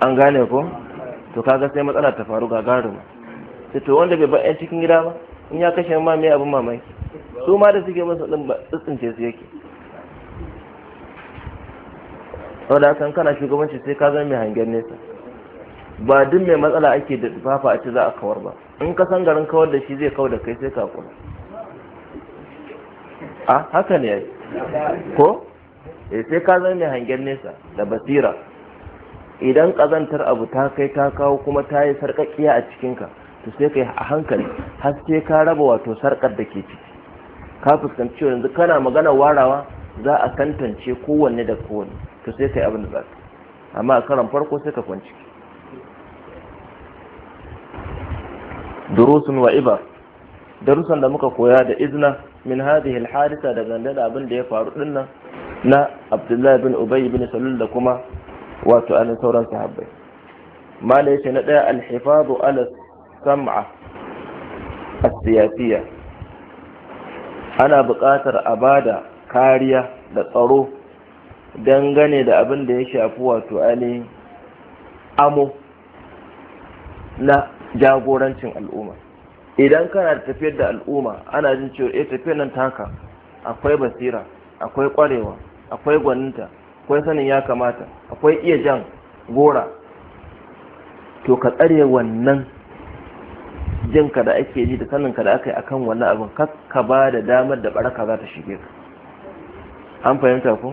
an gane ko to kaga sai matsala ta faru gagarin sai to wanda bai ba yan cikin gida ba in ya kashe ma me abin mamaki su ma da suke masa din ba tsitsince su yake saboda haka kana shugabanci sai ka zama mai hangen nesa ba duk mai matsala ake da fafa a ce za a kawar ba in ka san garin kawar da shi zai kawar da kai sai ka kula a haka ne ko eh, sai ka zama mai hangen nesa da basira idan kazantar abu ta kai ta kawo kuma ta yi sarƙaƙiya a cikinka to sai kai a hankali har sai ka raba wato sarƙar da ke ciki ka fuskanci yanzu kana magana warawa za a tantance kowanne da kowanne to sai kai abin da za amma a karan farko sai ka kwanci durusun wa ibar darussan da muka koya da izna min hadhihi al-hadisa da ganda abinda abin da ya faru dinnan na Abdullahi bin Ubay bin Salul da kuma wato alin sauran sahabbai mala yace na daya al-hifadu ala sam'a as-siyasiyya ana buƙatar a bada kariya da tsaro dangane da abin da ya shafi wato ainihin amo na jagorancin al'umma idan kana tafiyar da al'umma ana jin cewa eh tafiyar nan ta haka. akwai basira akwai kwarewa akwai gwaninta akwai sanin ya kamata akwai iya jan gora to ka tsare wannan jin jinka da ake ji da saninka da aka yi akan wannan abin ka ba da damar da baraka za ta shige ka an fahimta ku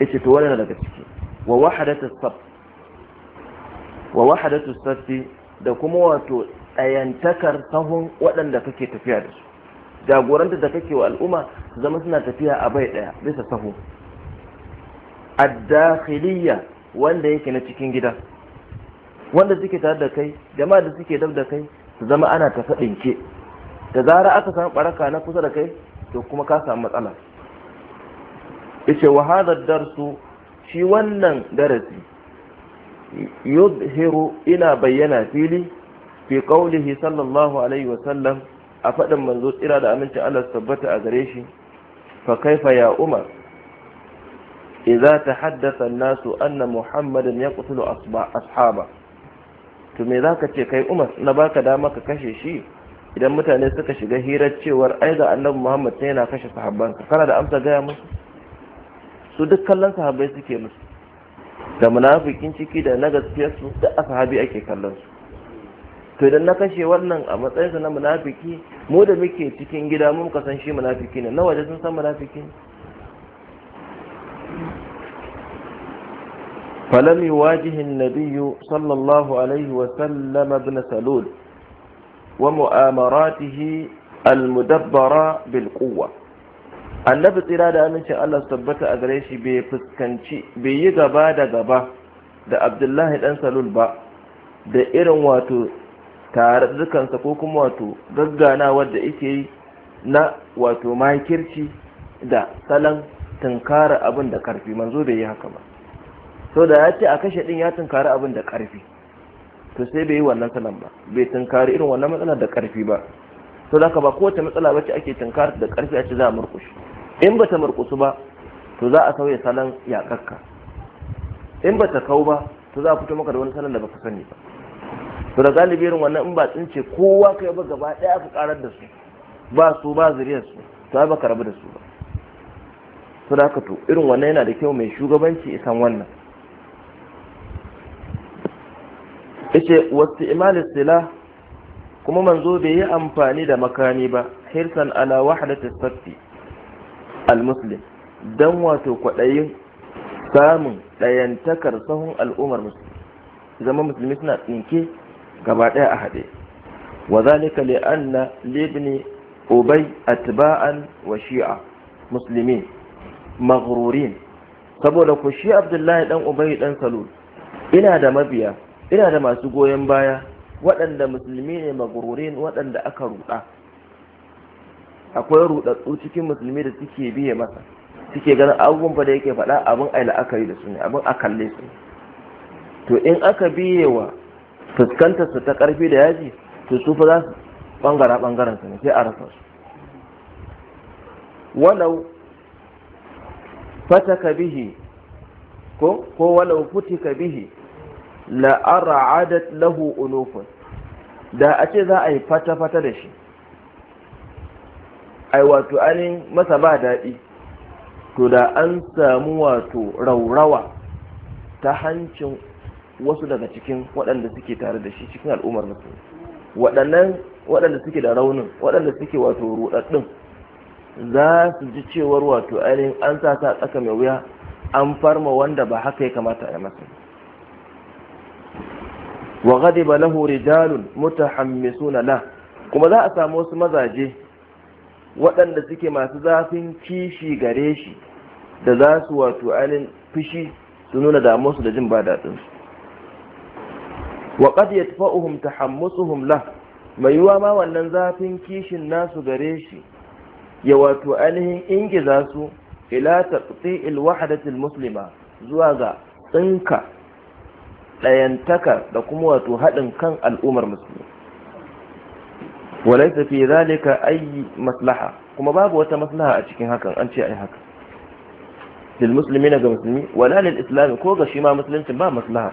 ita to wannan daga ciki wa wahadatu sab wa safi da kuma wato ɗayantakar sahun waɗanda kake tafiya da su jagoranta da kake wa al'umma zama suna tafiya a bai ɗaya bisa sahu addakhiliya wanda yake na cikin gida wanda suke tare da kai jama'a da suke dab da kai su zama ana tafa ke da zara aka samu ɓaraka na kusa da kai to kuma ka samu matsala yace wa darsu shi wannan darasi yuzhiru ina bayyana fili fi qawlihi sallallahu alaihi wa sallam a faɗin manzo tsira da amincin Allah tabbata a gare shi fa kaifa ya umar idza tahaddatha an-nasu anna muhammadan yaqtulu ashaba to me zaka ce kai umar na baka dama ka kashe shi idan mutane suka shiga hirar cewar ai ga annabi muhammad sai yana kashe sahabbansa kana da amsa gaya musu su duk kallon sahabbai suke musu da munafikin ciki da na gaskiyar su duk a sahabi ake kallon su to idan na kashe wannan a matsayin sa na munafiki mu da muke cikin gida mun kasan shi munafiki ne na waje sun san munafiki ne فلم يواجه النبي صلى الله عليه وسلم ابن سلول ومؤامراته المدبرة بالقوة annabi tsira da amincin Allah su tabbata a gare shi bai fuskanci bai yi gaba da gaba da abdullahi dan salul ba da irin wato tare dukansa ko kuma wato gaggana da ike yi na wato makirci da salon tunkara abin da karfi manzo bai yi haka ba so da ya ce a kashe din ya tunkara abin da karfi to sai bai yi wannan salon ba bai tunkari irin wannan matsalar da karfi ba to da ba kowace matsala wacce ake tunkar da karfi a ce za a murkushe in ta murkusu ba to za a sauya salon yakakka in ba ta kau ba to za a fito maka da wani salon da baka sani ba to da galibi irin wannan in ba tsince kowa kai ba gaba daya aka karar da su ba su ba zuriyar su to ba ka rabu da su ba to da ka to irin wannan yana da kyau mai shugabanci isan wannan ce wasu imalin silah kuma manzo bai yi amfani da makami ba hirsan ala wahdatis safi al dan wato kwadayin samun dayantakar sahun al'ummar musulmi zama musulmi suna tsinke gaba daya a hade wa zalika li anna libni ubay atba'an wa shi'a muslimin maghrurin saboda ku shi abdullahi dan ubay dan salul ina da mabiya ina da masu goyon baya waɗanda musulmi ne magururin waɗanda aka ruɗa akwai ruɗaɗɗu cikin musulmi da suke biye masa suke ganin abubuwan fa da yake faɗa abin aka la'akari da su ne abin a kalle su to in aka biye wa fuskantar su ta ƙarfi da yaji to su fa za su bangara bangaren su ne sai a rasa su walau fataka bihi ko ko walau futika bihi la'ara'adat lahu unufun da a ce za a yi fata-fata da shi ai wato anin masa ba daɗi to da an samu wato raurawa ta hancin wasu daga cikin waɗanda suke tare da shi cikin al'ummar mutum waɗannan waɗanda suke da raunin waɗanda suke wato ruɗaɗɗin za su ji cewar wato ainihin an sa sa tsaka mai wuya an farma wanda ba haka ya kamata a yi masu. wa ghadiba lahu rijalun mutahammisuna la kuma za a samu wasu mazaje waɗanda suke masu zafin kishi gare shi da za su wato ainihin fushi su nuna damuwarsu da jin ba su wa qad yatfa'uhum tahammusuhum la mai yiwa ma wannan zafin kishin nasu gare shi ya wato ainihin ingiza su ila taqti'il wahdatil muslima zuwa ga tsinka ɗayantaka da kuma wato haɗin kan al'ummar musulmi walai fi zalika ayi maslaha kuma babu wata maslaha a cikin hakan an ce ai haka lil musulmi ga musulmi wala lil islam ko ga shi ma musulunci ba maslaha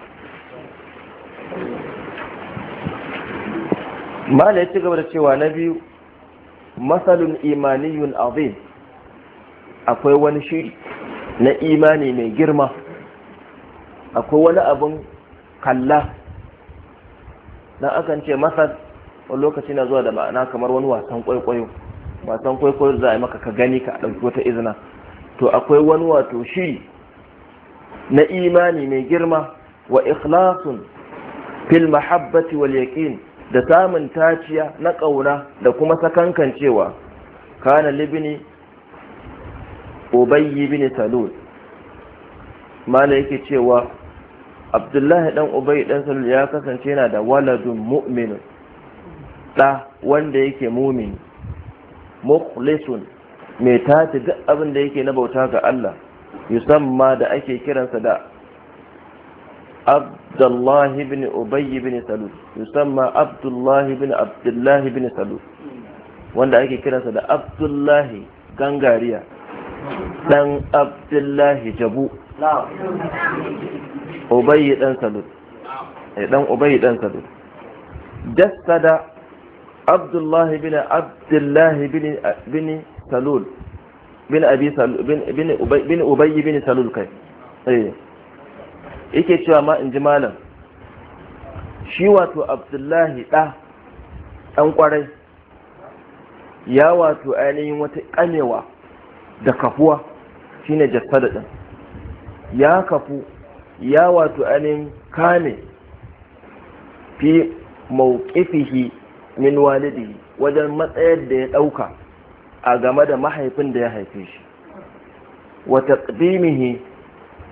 mala ya ci gaba da cewa na biyu masalun imaniyun azim akwai wani shiri na imani mai girma akwai wani abin kalla dan akan ce masar wani lokaci na zuwa da ma'ana kamar wani wasan kwaikwayo wasan kwaikwayo za a maka ka gani ka ɗauki wata izina to akwai wani wato shi na imani mai girma wa ikhlasun fil mahabbati wal yaqin da samun taciya na ƙauna da kuma cewa kana libni ubayyi bin salul mala yake cewa abdullahi dan ubai dan salul ya kasance yana da waladun mumin da wanda yake mumini mukhlisun mai tace duk abin da yake na bauta ga Allah yusamma da ake kiransa da abdullahi ibn ubay ibn salul yusamma abdullahi ibn abdullahi ibn salul wanda ake kiransa da abdullahi gangariya dan abdullahi jabu ubayi dan salut eh dan ubayi dan salut jassada abdullah bin abdullah bin bin salul bin abi salul bin bin ubayi bin ubayyi bin salul kai eh yake cewa ma inji malam shi wato abdullah da dan kwarai ya wato ainihin wata kamewa da kafuwa shine jassada din ya kafu ya wato anin kame fi mawqifihi min walidihi wajen matsayar da ya ɗauka a game da mahaifin da ya haife shi wa taqdimihi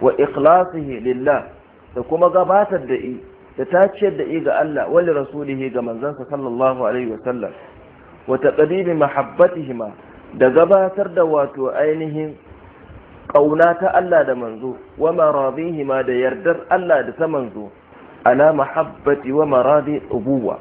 wa ikhlasihi lillah da kuma gabatar da i da taciyar da i ga Allah wal rasulihi ga manzansa sallallahu alaihi wa sallam wa taqdimi mahabbatihima da gabatar da wato ainihin ƙauna ta Allah da manzo wa maradihi ma da yardar Allah da ta manzo ala mahabbati wa maradi ubuwa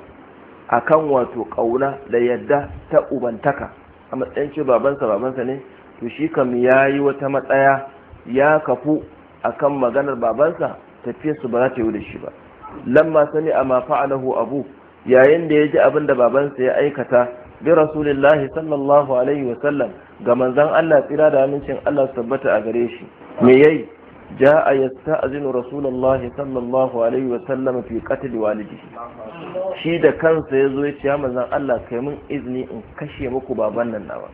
akan wato ƙauna da yarda ta ubantaka a matsayin ce babansa babansa ne to shi kam yi wata matsaya ya kafu akan maganar babansa tafiyar su ba za ta yi da shi ba lamma sani a mafa'alahu abu yayin da ya ji abin da babansa ya aikata bi rasulillahi sallallahu alaihi wa sallam ga manzon Allah tsira da amincin Allah sabbata a gare shi me yayi ja'a yasta'zinu rasulullahi sallallahu alaihi wa sallam fi qatl walidihi shi da kansa yazo ya ce ya manzon Allah kai mun izini in kashe muku baban nan nawa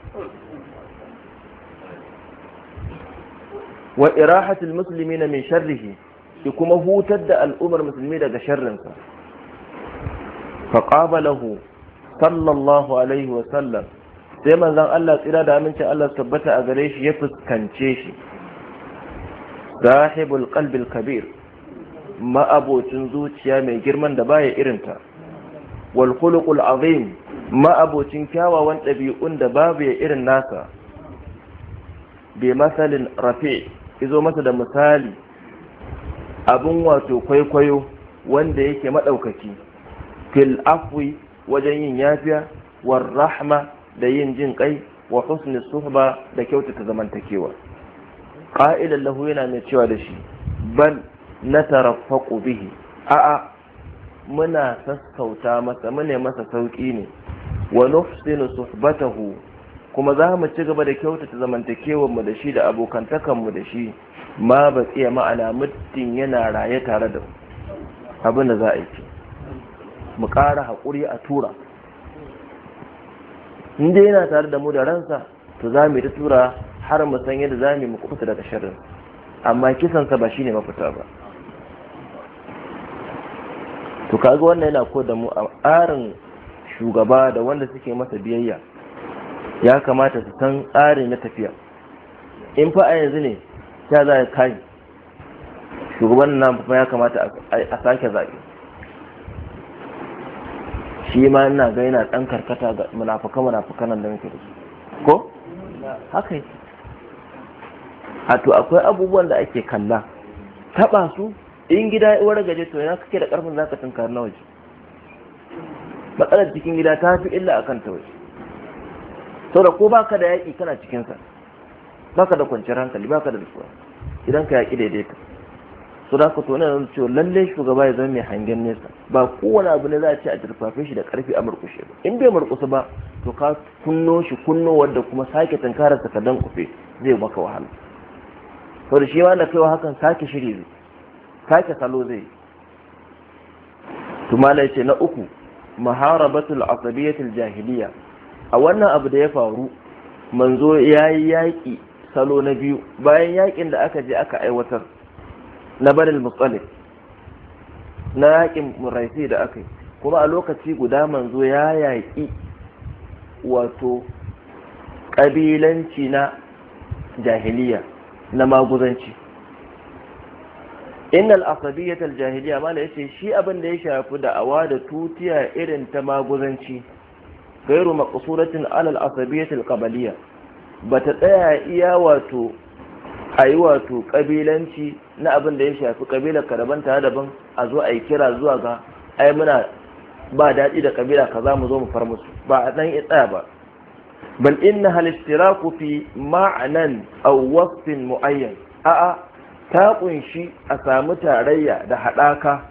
wa irahatul muslimina min sharrihi ki kuma hutar da al'ummar musulmi daga sharrinsa faqabalahu sallallahu alaihi wa sai manzan Allah tsira da amincin Allah tabbata a gare shi ya fuskance shi sahibul qalbil kabir ma'abocin zuciya mai girman da baya irinta wal khuluqul azim ma'abocin kyawawan ɗabi'un da babu ya irin nasa bi masalin rafi izo masa da misali abun wato kwaikwayo wanda yake maɗaukaci, fil afwi wajen yin yafiya war rahma da yin jin kai wa husnul suhba da kyautata zamantakewa qa'ilan lahu yana mai cewa da shi bal natarafaqu bihi a'a muna sassauta masa mune masa sauki ne wa nufsinu suhbatahu kuma za mu ci gaba da kyautata zamantakewar mu da shi da abokantakan mu da shi ma ba tsiya ma'ana muddin yana raye tare da abinda da za a yi mu ƙara haƙuri a tura inda yana tare da mu da ransa to za mu yi ta tura har mu san yadda za mu yi mu kufuta daga shirin amma kisansa ba shine mafita ba to kaga wannan yana ko da mu a tsarin shugaba da wanda suke masa biyayya ya kamata su san tsarin na tafiya in fa a yanzu ne ta za a kai shugaban nan ya kamata a sake zaɓe shi ma yana ga yana dan karkata ga munafuka nan da muke da su ko haka yake a to akwai abubuwan da ake kalla taba su in gida ya wara gaje to yana kake da karfin zaka tunkar na waje matsalar cikin gida ta fi illa akan ta waje saboda ko baka da yaki kana cikin sa baka da kwanciyar hankali baka da nutsuwa idan ka yaki daidaita su da ka tona yanzu cewa lalle shugaba ya zama mai hangen nesa ba kowane abu ne za a ce a jirfafe shi da karfi a murkushe ba in bai murkusa ba to ka kunno shi kunno wadda kuma sake tankararsa ka dan kufe zai maka wahala to da shi ma da kaiwa hakan sake shiri zai sake salo zai to mala ce na uku maharabatul asabiyatul jahiliya a wannan abu da ya faru manzo yayi yaki salo na biyu bayan yakin da aka je aka aiwatar na banin mutsalif na yakin muraisi da aka yi kuma a lokaci guda manzo ya yaƙi wato ƙabilanci na jahiliya na maguzanci innal asabiyyat jahiliya mala yace shi abin da ya shafi da awa da tutiya irin ta maguzanci gairu maqsuratin alal al asabiyyat bata tsaya iya wato ayi wato kabilanci na abin da ya shafi kabila ka tare daban a zo a yi kira zuwa ga ai muna ba daɗi da kabila kaza mu zo mu far musu ba a ɗan yi tsaya ba bal inna hal ku fi ma'anan aw wasfin muayyan a'a ta kunshi a samu tarayya da haɗaka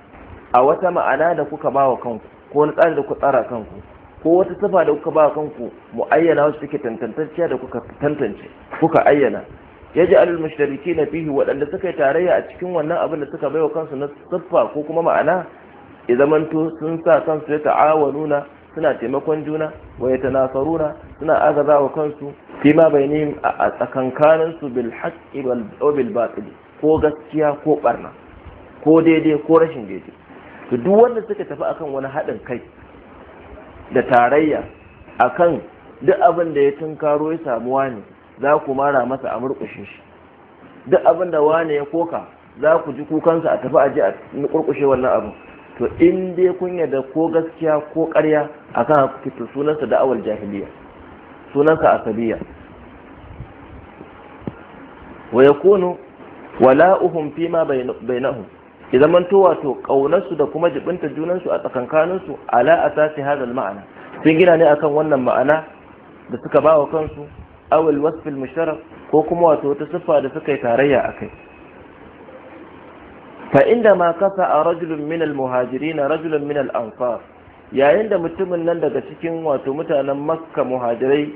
a wata ma'ana da kuka ba wa kanku ko na tsari da kuka tsara kanku ko wata sifa da kuka ba wa kanku muayyana wasu take tantantacciya da kuka tantance kuka ayyana ya ji alal na fihi waɗanda suka yi tarayya a cikin wannan abin da suka bai wa kansu na siffa ko kuma ma'ana ya zamanto sun sa kansu ya ta'awanuna suna taimakon juna wa ya tanasaruna suna agaza wa kansu fi ma ne a tsakankanin su bil haqqi bil ko gaskiya ko barna ko daidai ko rashin daidai to duk wanda suka tafi akan wani haɗin kai da tarayya akan duk abin da ya tunkaro ya samuwa ne za ku mara masa a murƙushin shi duk abin da wane ya koka za ku ji kukansa a tafi aji a murƙushe wannan abin to in dai kun yarda ko gaskiya ko ƙarya akan fito sunansa da'awar jahiliya sunansa asabiya wa yakunu wala'uhum fima bainahum idan man to wato kaunarsu da kuma jibinta junansu a tsakankaninsu ala asasi hadal ma'ana sun gina ne akan wannan ma'ana da suka ba wa kansu awal wasfil musharraf ko kuma wato wata siffa da suka yi tarayya a kai fa inda ma kasa a rajulun min al-muhajirina rajulun min al-ansar yayin da mutumin nan daga cikin wato mutanen makka muhajirai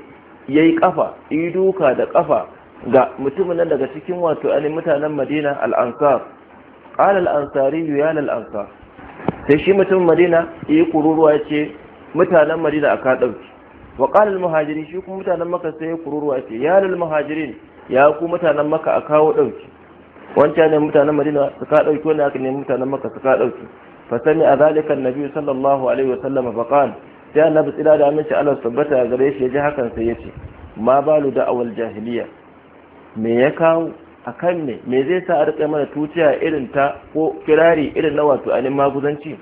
yayi kafa iduka da kafa ga mutumin nan daga cikin wato ani mutanen madina al-ansar qala al-ansari ya al-ansar sai shi mutumin madina yi kururuwa ce mutanen madina aka dauki wa qalal muhajirin shi kuma mutanen maka sai ya kururuwa ce ya lil muhajirin ya ku mutanen maka a kawo dauki wancan ne mutanen madina suka ka dauki wanda aka ne mutanen maka suka ka dauki fa sami a zalika annabi sallallahu alaihi wa sallam fa qala sai annabi tsira da amince Allah tabbata gare shi ya ji hakan sai yace ma balu da'awal jahiliya me ya kawo a kan ne me zai sa a riƙe mana tuciya irin ta ko kirari irin na wato anin maguzanci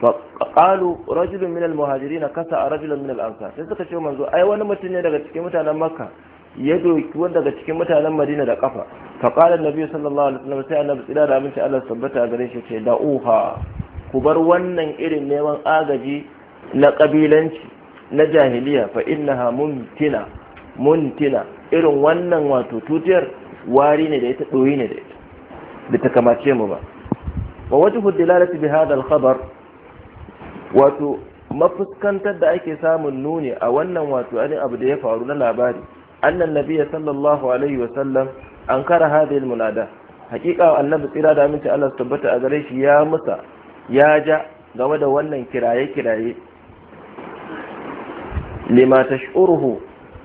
faƙalu rajulun minal muhajiri na kasa a rajulun minal ansar sai suka ce manzo ai wani mutum ne daga cikin mutanen makka ya doki wanda daga cikin mutanen madina da kafa faƙala nabi sallallahu alaihi wasallam sai annabi tsira da aminci Allah tabbata gare shi ce da'uha ku bar wannan irin neman agaji na kabilanci na jahiliya fa innaha muntina muntina irin wannan wato tutiyar wari ne da ita doyi ne da ita da ta kamace mu ba wa wajhu dilalati bi hadha al-khabar wato mafuskantar da ake samun nuni a wannan wato ani abu da ya faru na labari annan nabiyya sallallahu alaihi wasallam an kara hadhihi munada hakika annabi tsira da aminci Allah tabbata a gare shi ya musa ya ja game da wannan kiraye kiraye lima tash'uruhu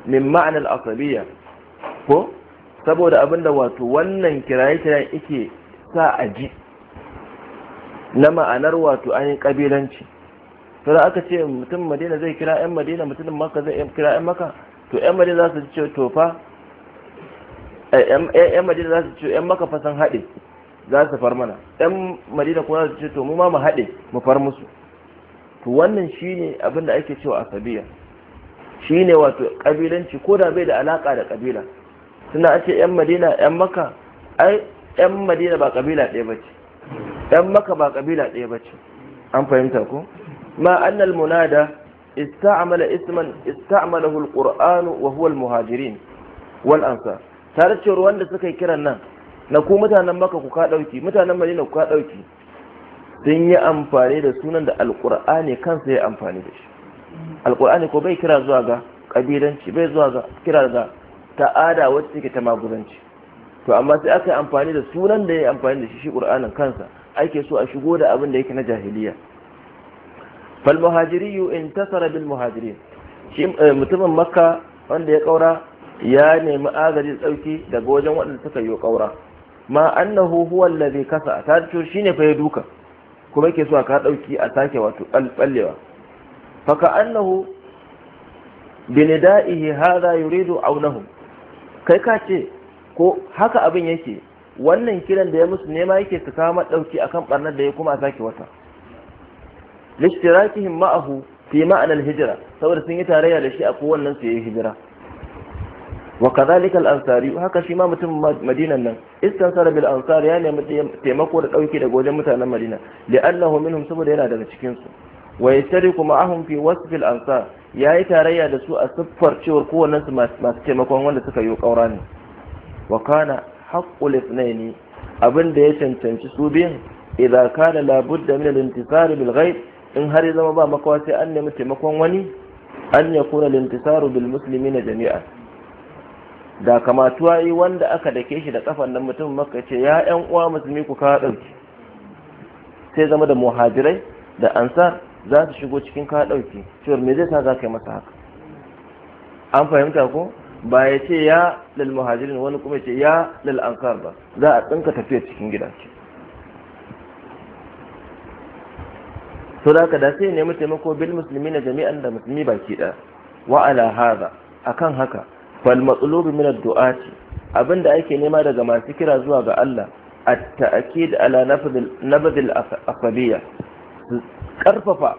min ma'na al-asabiyya ko saboda abinda wato wannan kiraye kiraye yake sa a ji na ma'anar wato ainihin kabilanci to aka ce mutum madina zai kira yan madina mutumin maka zai kira yan maka to yan madina za su ce tofa fa yan eh, madina za su ce yan maka fasan haɗe za su far mana yan madina kuma za su ce to mu ma mu haɗe mu far musu to wannan shi ne abinda ake cewa a Shi ne wato kabilanci ko da bai da alaƙa da ƙabila. suna a ce yan madina yan maka ai yan madina ba ƙabila ɗaya ba ce yan maka ba ƙabila ɗaya ba ce an fahimta ko ma annal munada ista'mala isman ista'malahu alqur'anu wa huwa almuhajirin wal ansar tare cewa wanda suka yi kiran nan na ku mutanen maka ku ka dauki mutanen madina ku ka dauki sun yi amfani da sunan da alqur'ani kansa ya amfani da shi alqur'ani ko bai kira zuwa ga kabilanci bai zuwa ga kira ga ta'ada wacce take ta maguzanci to amma sai aka yi amfani da sunan da ya yi amfani da shi shi ƙur'anin kansa ake so a shigo da abin da yake na jahiliya fal muhajiriyu intasara bil muhajirin shi mutumin makka wanda ya kaura ya nemi agaji tsauki daga wajen waɗanda suka yi kaura ma annahu huwa allazi kasa ta ce shine fa ya duka kuma yake so ka dauki a sake wato ballewa fa ka annahu binida'ihi hadha yuridu aunahum kai ka ce ko haka abin yake wannan kiran da ya musu nema yake su kama dauki akan barnar da ya kuma sake wata lishtirakihim ma'ahu fi ma'anar hijira saboda sun yi tarayya da shi a kowannen su yayi hijira wa kadhalika al-ansari haka shi ma mutum madinan nan istansara bil ansar ya nemi taimako da dauki daga wajen mutanen madina li'annahu minhum saboda yana daga cikin su wa yashtariku ma'ahum fi wasf al-ansar yayi tarayya da su a siffar cewar kowannen su masu taimakon wanda suka yi kaura ne wa kana haqqul ithnaini abin da ya cancanci su biyan idza kana labudda min al-intisari bil ghaib in har ya zama ba makawa sai an nemi taimakon wani an ya kuna lintisaru bil musulmi na jami'a da kamatuwa yi wanda aka dake shi da kafan nan mutum maka ce ya yan uwa musulmi ku kawo ɗauki sai zama da muhajirai da ansar za su shigo cikin kawo ɗauki cewar me zai sa za ka yi masa haka an fahimta ko ba ya ce ya lal muhajirin wani kuma ce ya lal ansar ba za a tsinka tafiya cikin gida to da ka da sai nemi taimako bil musulmi na jami'an da musulmi baki ɗaya wa ala hada akan haka fal matsalobi min ad-du'ati abinda ake nema daga masu kira zuwa ga Allah at-ta'kid ala nabdil asabiyya su karfafa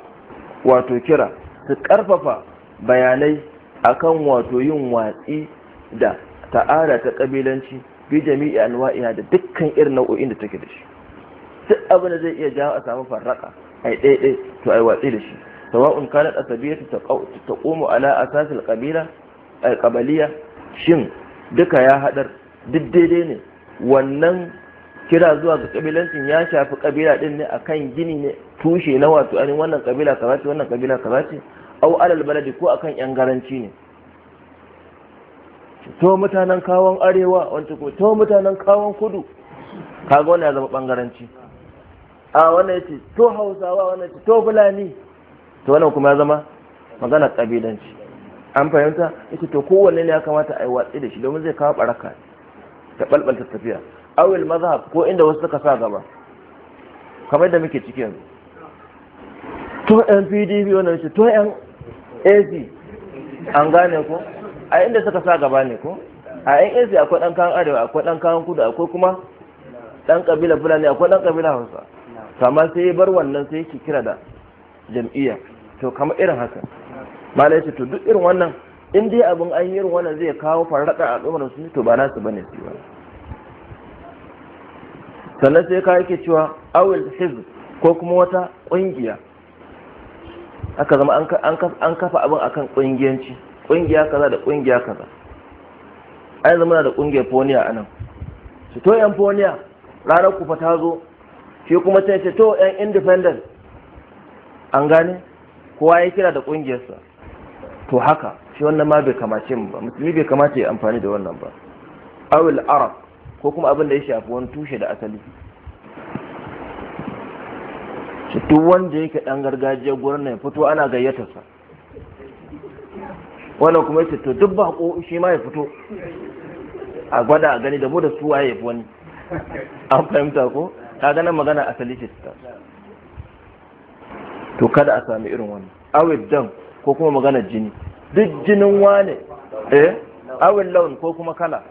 wato kira su karfafa bayanai akan wato yin watsi da ta'ada ta kabilanci bi jami'i anwa'iha da dukkan irin nau'o'in da take da shi duk abin da zai iya jawo a samu farraka ai ɗaya ɗaya to ai watsi da shi sawa'un kanat ta taqumu ala asasil qabila ai qabaliya shin duka ya hadar duk daidai ne wannan kira zuwa ga kabilancin ya shafi kabila din ne akan gini ne tushe na wato ainihin wannan kabila kaza wannan kabila kaza au alal baladi ko akan yan garanci ne to mutanen kawon arewa wancan ko to mutanen kawon kudu kaga wannan ya zama bangaranci a wannan yace to hausawa wannan yace to fulani to wannan kuma ya zama magana kabilanci an fahimta yace to kowanne ne ya kamata a yi watsi da shi domin zai kawo baraka ta balbalta tafiya awil mazhab ko inda wasu suka sa gaba kamar da muke ciki yanzu to yan pdp wannan yace to yan ac an gane ko a inda suka sa gaba ne ko a yan ac akwai dan kan arewa akwai dan kan kudu akwai kuma dan kabila fulani akwai dan kabila hausa kama sai bar wannan sai yake kira da jam'iyya to kama irin haka malai ce to duk irin wannan in dai abin an yi irin wannan zai kawo farraka a al'ummar musulmi to ba su bane su ba sannan sai ka yake cewa awil hizb ko kuma wata kungiya aka zama an kafa abin akan kungiyanci kungiya kaza da kungiya kaza ai zama da ƙungiyar foniya anan su to yan foniya ranar ku fa ta zo shi kuma sai ce to yan independent an gane kowa ya kira da ƙungiyarsa to haka shi wannan ma bai kamace ba musulmi bai kamace ya amfani da wannan ba awil arab ko kuma abin da ya shafi wani tushe da asali shi duk wanda yake dan gargajiya gurin nan ya fito ana gayyatar sa. wannan kuma ya to duk ba ko shi ma ya fito a gwada a gani da mu da su waye ya wani an fahimta ko ka ganin magana a ce to kada a sami irin wani awil dam ko kuma magana jini duk jinin wane eh awil laun ko kuma kala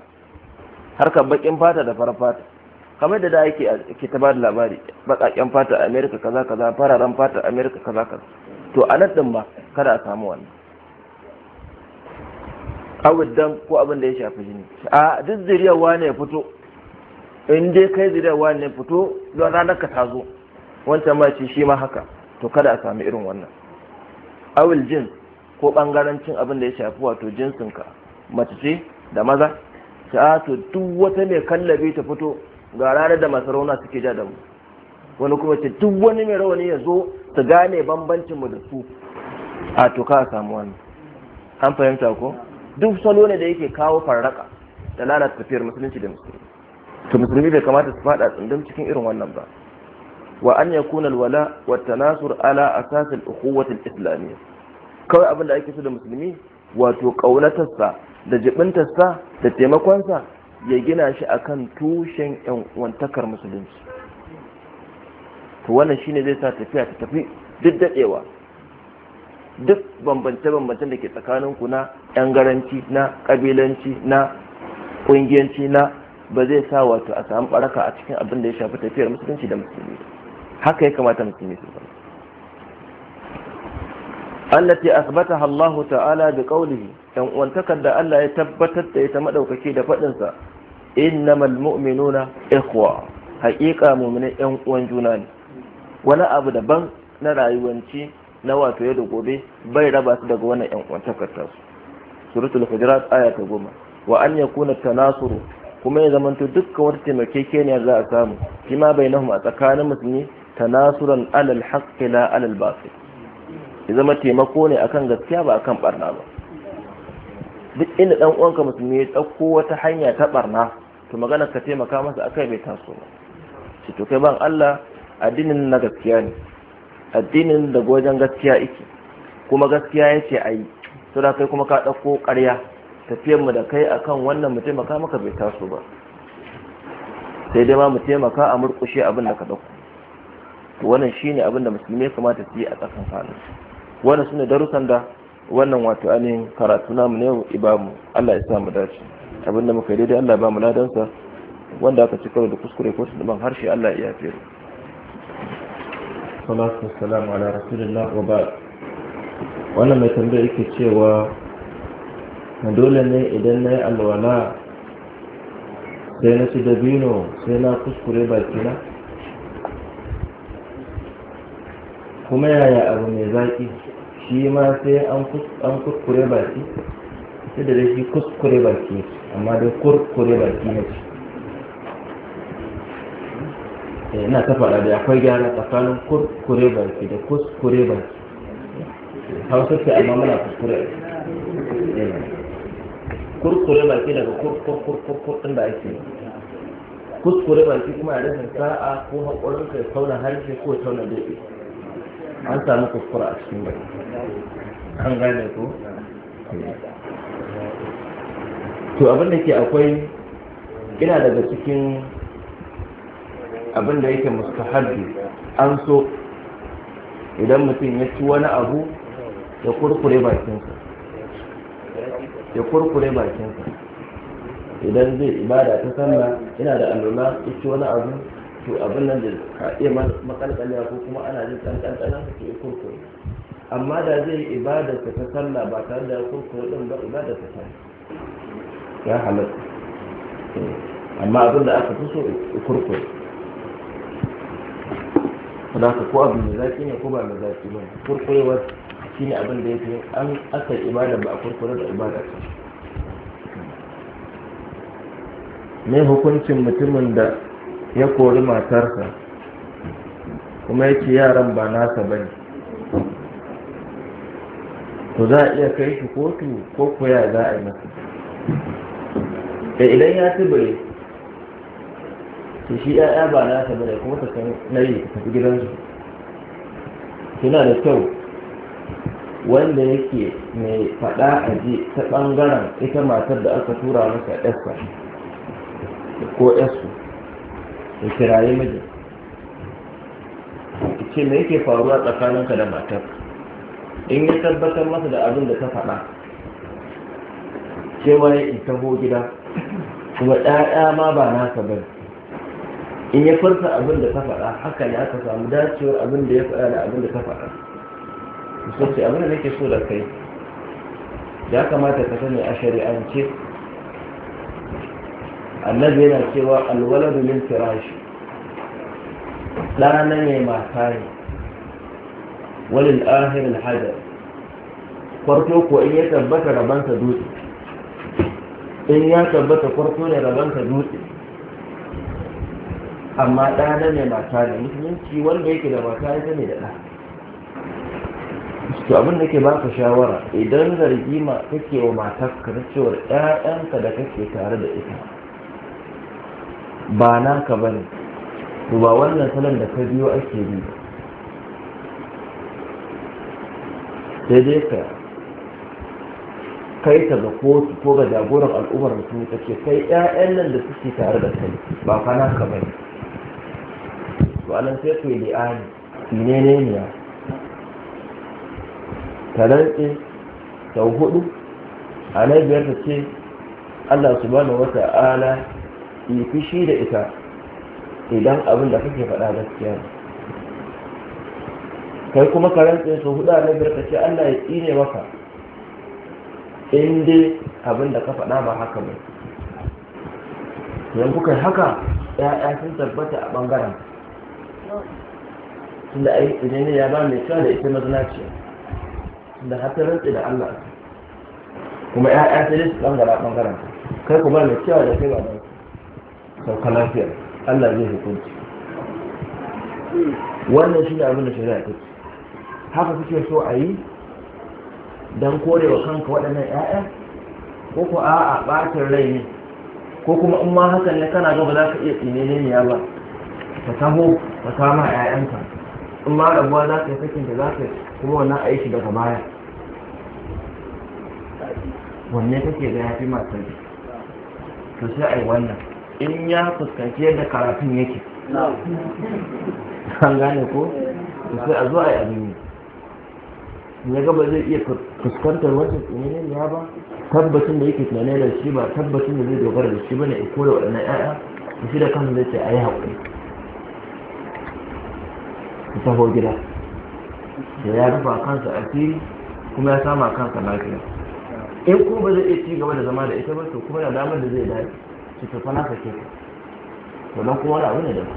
harkar bakin fata da farar fata kamar da da ake ke ta da labari bakakken fata a america kaza kaza fararen fata a america kaza kaza to a nan din ba kada a samu wannan awil dam ko abin da ya shafi jini a duk zuriyar wane ya fito in dai kai wani ne fito don ranar ka tazo wancan ma ce shi ma haka to kada a sami irin wannan awil jin ko bangarancin abin da ya shafi wato jinsin ka, mace ce da maza ta ah, to duk wata mai kallabi ta fito ga ranar da masarauna suke ja da mu wani kuma ce duk wani mai rawani ya zo su gane bambancin mu da su a to ka samu wani an fahimta ko duk salo ne da yake kawo farraka da lalata tafiyar musulunci da musulunci to musulmi bai kamata su fada tsundum cikin irin wannan ba wa an yakuna alwala wa tanasur ala asas al-ukhuwah al-islamiyya kawai abin da ake so da musulmi wato kaunatarsa da jibintarsa da taimakonsa ya gina shi akan tushen yan wantakar musulunci to wannan shine zai sa tafiya ta tafi duk dadewa duk bambance-bambancen da ke tsakanin ku na yan garanci na kabilanci na kungiyanci na ba zai sa wato a samu baraka a cikin abin da ya shafi tafiyar musulunci da musulmi haka ya kamata musulmi su zama allati asbataha Allah ta'ala bi qawlihi dan wantakar da Allah ya tabbatar da ita madaukake da fadin sa innamal mu'minuna ikhwa haqiqa mu'minin yan uwan juna ne wani abu daban na rayuwanci na wato yau da gobe bai raba su daga wannan yan uwan takarta su suratul hujurat aya ta 10 wa an yakuna tanasuru kuma ya zamanto dukkan wata taimakekeniyar za a samu shi ma bai nahum a tsakanin musulmi tanasuran alal haqqi la alal batil ya zama taimako ne akan gaskiya ba akan barna ba duk inda dan uwanka musulmi ya ɗauko wata hanya ta barna to magana ka taimaka masa akai bai taso ba shi to kai ban Allah addinin na gaskiya ne addinin da wajen gaskiya iki? kuma gaskiya yake ayi to da kai kuma ka ɗauko ƙarya tafiyarmu da kai akan wannan mu taimaka maka bai taso ba sai dai ma mu taimaka a murƙushe abin da ka ɗauko to wannan shine abin da musulmi kamata su yi a tsakan halin wannan ne darussan da wannan wato ainihin karatu mu ne ibamu Allah ya sa mu dace abin da muka yi daidai Allah ba mu ladansa wanda aka ci karo da kuskure ko su ban harshe Allah ya yafe mu salatu wassalamu ala rasulillah wa ba wannan mai tambaya yake cewa dole ne idan na yi alwala sai na su dabino sai na kuskure bakina kuma yaya abu mai zaƙi shi ma sai an kuskure baki sai da shi kuskure baki amma dai kurkure baki ne ce eh, ina ta faɗa da akwai gyara tsakanin kurkure baki da kuskure baki hausa ce amma muna kuskure baki eh. kurkure baki daga kurkurkurkur ɗin da ake kuskure baki kuma a rashin sa'a ko haƙorin kai tauna harshe ko tauna dobe an samu kuskura a cikin baki an gane ko to abin da ke akwai ina daga cikin abin da yake harbi an so idan mutum ya ci wani abu ya kurkure bakinsa ya kurkure bakinsa idan zai ibada ta sallah ina da alula ita wani abu to abin nan da ka iya makalkalya ko kuma ana jin kankankanan su ya kurkure amma da zai yi ibada ta ta sallah ba tare da kurkure din ba ibada ta sallah ya halatta amma abin da aka fi so ya kurkure da ko abu mai zaki ne ko ba mai zaki ba kurkurewar ne abin da ya fi an aka ibada ba a kurkura da ibada ta mai hukuncin mutumin da ya kori matarsa kuma ya ce yaran ba nasa ba ne to za a iya kai shi kotu ko koya za a yi masa da eh, idan ya ci to shi ya'ya ba nasa ba ne kuma ta san nari ta fi gidansu suna da kyau wanda yake mai fada a ji ta bangaren ita matar da aka tura masa ɗasa ko ɗasu ya kiraye miji ce mai yake faruwa tsakaninka da matar in ya tabbatar masa da abin da ta faɗa cewa ya in taho gida kuma ɗaya ma ba nasa ba in ya farsa abin da ta faɗa haka ne aka samu dacewar abin da ya faɗa da abin da ta faɗa so ce abin da nake so da kai ya kamata ka sani a shari'ance annabi yana cewa alwaladu min firashi ɗana ne mata ne walil ahirin hajar kwarto ko in ya tabbata rabansa dutse in ya tabbata kwarto ne rabansa dutse amma ɗana ne mata ne musulunci wanda yake da mata ya ne da ɗa to abin da ke baka shawara idan zargi ma kake wa matarka na cewar ƴaƴanka da kake tare da ita ba naka bane to ba wannan salon da ka biyo ake bi sai dai ka kai ta ga kotu ko ga jagoran al'ummar mutum ka ce kai ƴaƴan nan da suke tare da kai ba fa ka bane to anan sai ku yi li'ani ne ne ne ta sau hudu a na biyar ta ce allah subhanahu wa ta'ala yi fushi da ita idan abin da kake faɗa gaskiya ne kai kuma ka su sau hudu a na biyar ta ce allah ya tsine maka inda abin da ka faɗa ba haka ba yanku kai haka ya'ya sun tabbata a ɓangaren tunda a yi ya ba mai kyau da ita mazinaciya da hatta rantsi da Allah kuma ya'ya sai dai su gara bangaren kai ku mai cewa da kai ba da sauka lafiya Allah zai hukunci wannan shi ne abin da shari'a ta ce haka kuke so a yi don korewa kanka waɗannan 'ya'ya ko ku a ɓacin rai ne ko kuma in ma hakan ne kana gaba za ka iya tsine ne ya ba ka taho ka kama 'ya'yanka in ma rabuwa za ka yi sakin da za ka yi kuma wannan a yi shi daga baya wanne kake ga yafi matar to sai ai wannan in ya fuskanci yadda karatun yake an gane ko to sai a zo ai abin ne ya ga ba zai iya fuskantar wancan ne ya ba tabbacin da yake tunanin da shi ba tabbacin da zai dogara da shi bane ko da waɗannan yaya. to shi da kansa zai ce yi haƙuri ta taho gida da ya rufa kansa asiri kuma ya sama kansa lafiya in kuma ba zai iya ci gaba da zama da ita ba to kuma da damar da zai dace su ta fana sake ka to nan kuma wani abu ne da ba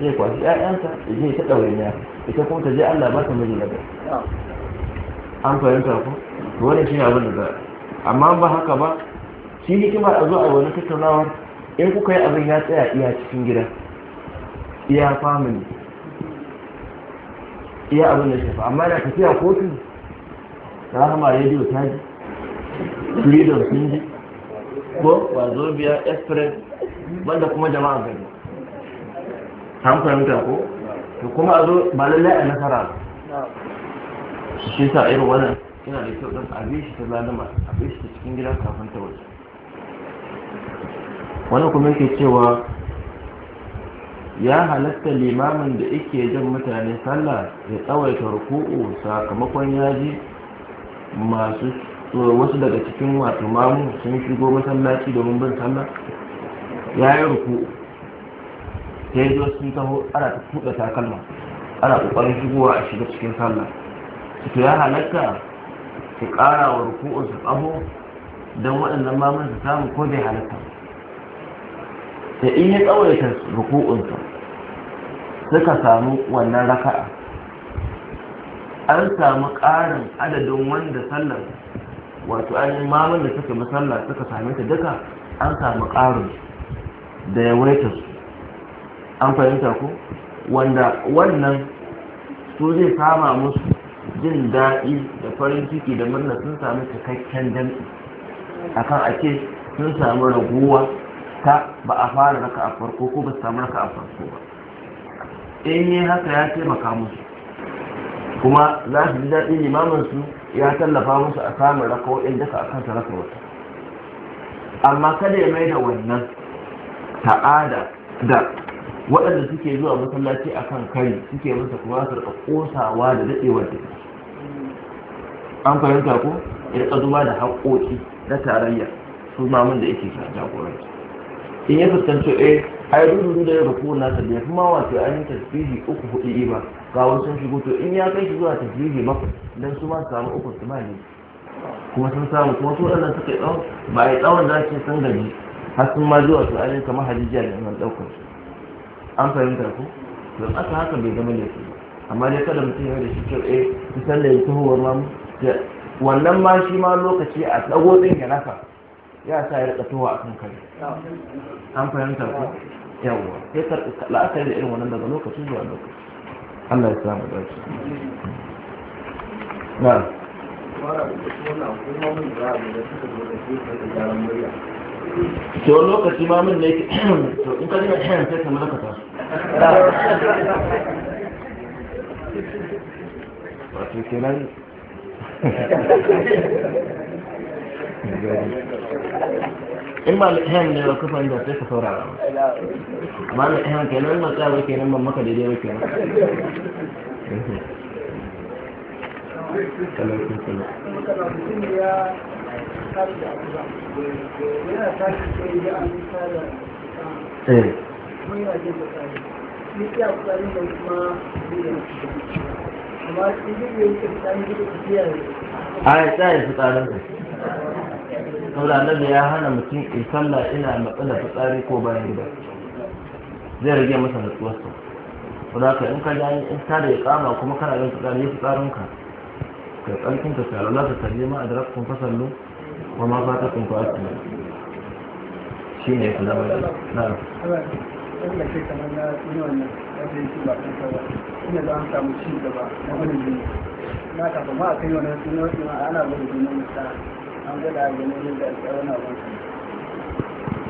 sai kwashi ƴaƴansa da je ta ɗawainiya ita kuma ta je Allah ba ta miji ba an fahimta ko to shi shine abin da za amma ba haka ba shi hikima a zo a wani tattaunawa in kuka yi abin ya tsaya iya cikin gida iya family iya abin da shafa amma da tafiya kotu rahama rediyo ta ji freedom sun ji ko ba biya express wanda kuma jama'a gari an fahimta ko to kuma a zo ba lallai a nasara shi sa irin wannan yana da kyau ɗan abin shi ta lalama abin shi ta cikin gida kafin ta waje wani kuma yake cewa ya halatta limamin da yake jan mutane sallah ya tsawaita ruku'u sakamakon yaji masu wasu daga cikin wato mamu sun shigo masallaci domin bin sallah ya yi ruku ta yi zuwa sun taho ana ta kuɗa takalma ana ƙoƙarin shigowa a shiga cikin sallah su ya halatta su ƙara wa ruku'un su ƙaho don waɗannan mamun su samu ko bai halatta da in ya tsawaita su suka samu wannan raka'a an samu ƙarin adadin wanda sallar wato ainihin mamun da suka masalla suka same ta duka an samu ƙarin da ya waita su an fahimta ku? wanda wannan su zai kama musu jin daɗi da farin ciki da murna sun samu cikakken a akan ake sun samu raguwa ta ba a fara raka a farko ko ba su samu raka a farko ba in yi haka ya taimaka musu kuma za su ji daɗin limamansu ya tallafa musu a samun rako inda akan ta raka wata amma kada ya mai da wannan ta'ada da waɗanda suke zuwa masallaci a kan kari suke masa kuma su ƙosawa da daɗewar da an fahimta ko ya zuba da haƙoƙi na tarayya su mamun da yake jagoranci in ya fuskanci a eh, a yi rudu da ya rufu na ta ya kuma mawa to yi tasbihi uku hudu ba ga wasu sun shigo to in ya kai shi zuwa tasbihi bakwai don su ma samu uku su ma ne kuma sun samu kuma su waɗannan suka yi tsawon ba a yi tsawon da ake san gani har sun ma zuwa su yi kamar hajjiya da iman daukar su an fahimta ku don aka haka bai zama laifi ba amma dai kada mutum yau da shi kyau eh kusan da ya tuhuwar ma wannan ma shi ma lokaci a tsawo ɗin ya nafa. ya sa ya rika a kan kare an fahimta ku yawwa sai ka la'akari da irin wannan daga lokacin zuwa lokacin Allah ya samu dace na to lokaci ma mun ne to in ka dinga shan sai ka malaka ta wato kenan in ba la'ihan ne ba kufan da sai ka saurara ba amma la'ihan kenan in ba tsaya ba kenan ban maka daidai ba kenan eh. a ya tsaye su tsarin saboda annabi ya hana mutum in sallah ina matsala fitsari ko bayan gida zai rage masa ko. saboda ka in ka ja in ta da ya kama kuma kana yin fitsari ya fitsarin ka ka tsarkin ka sai Allah ka sallama ma adrak kun fasallu wa ma fata kun fa'atu shine ne kula da na'am na yi ina da an samu ci gaba na wani jini na kafa ma a kai wannan sunan ana bada jini tsara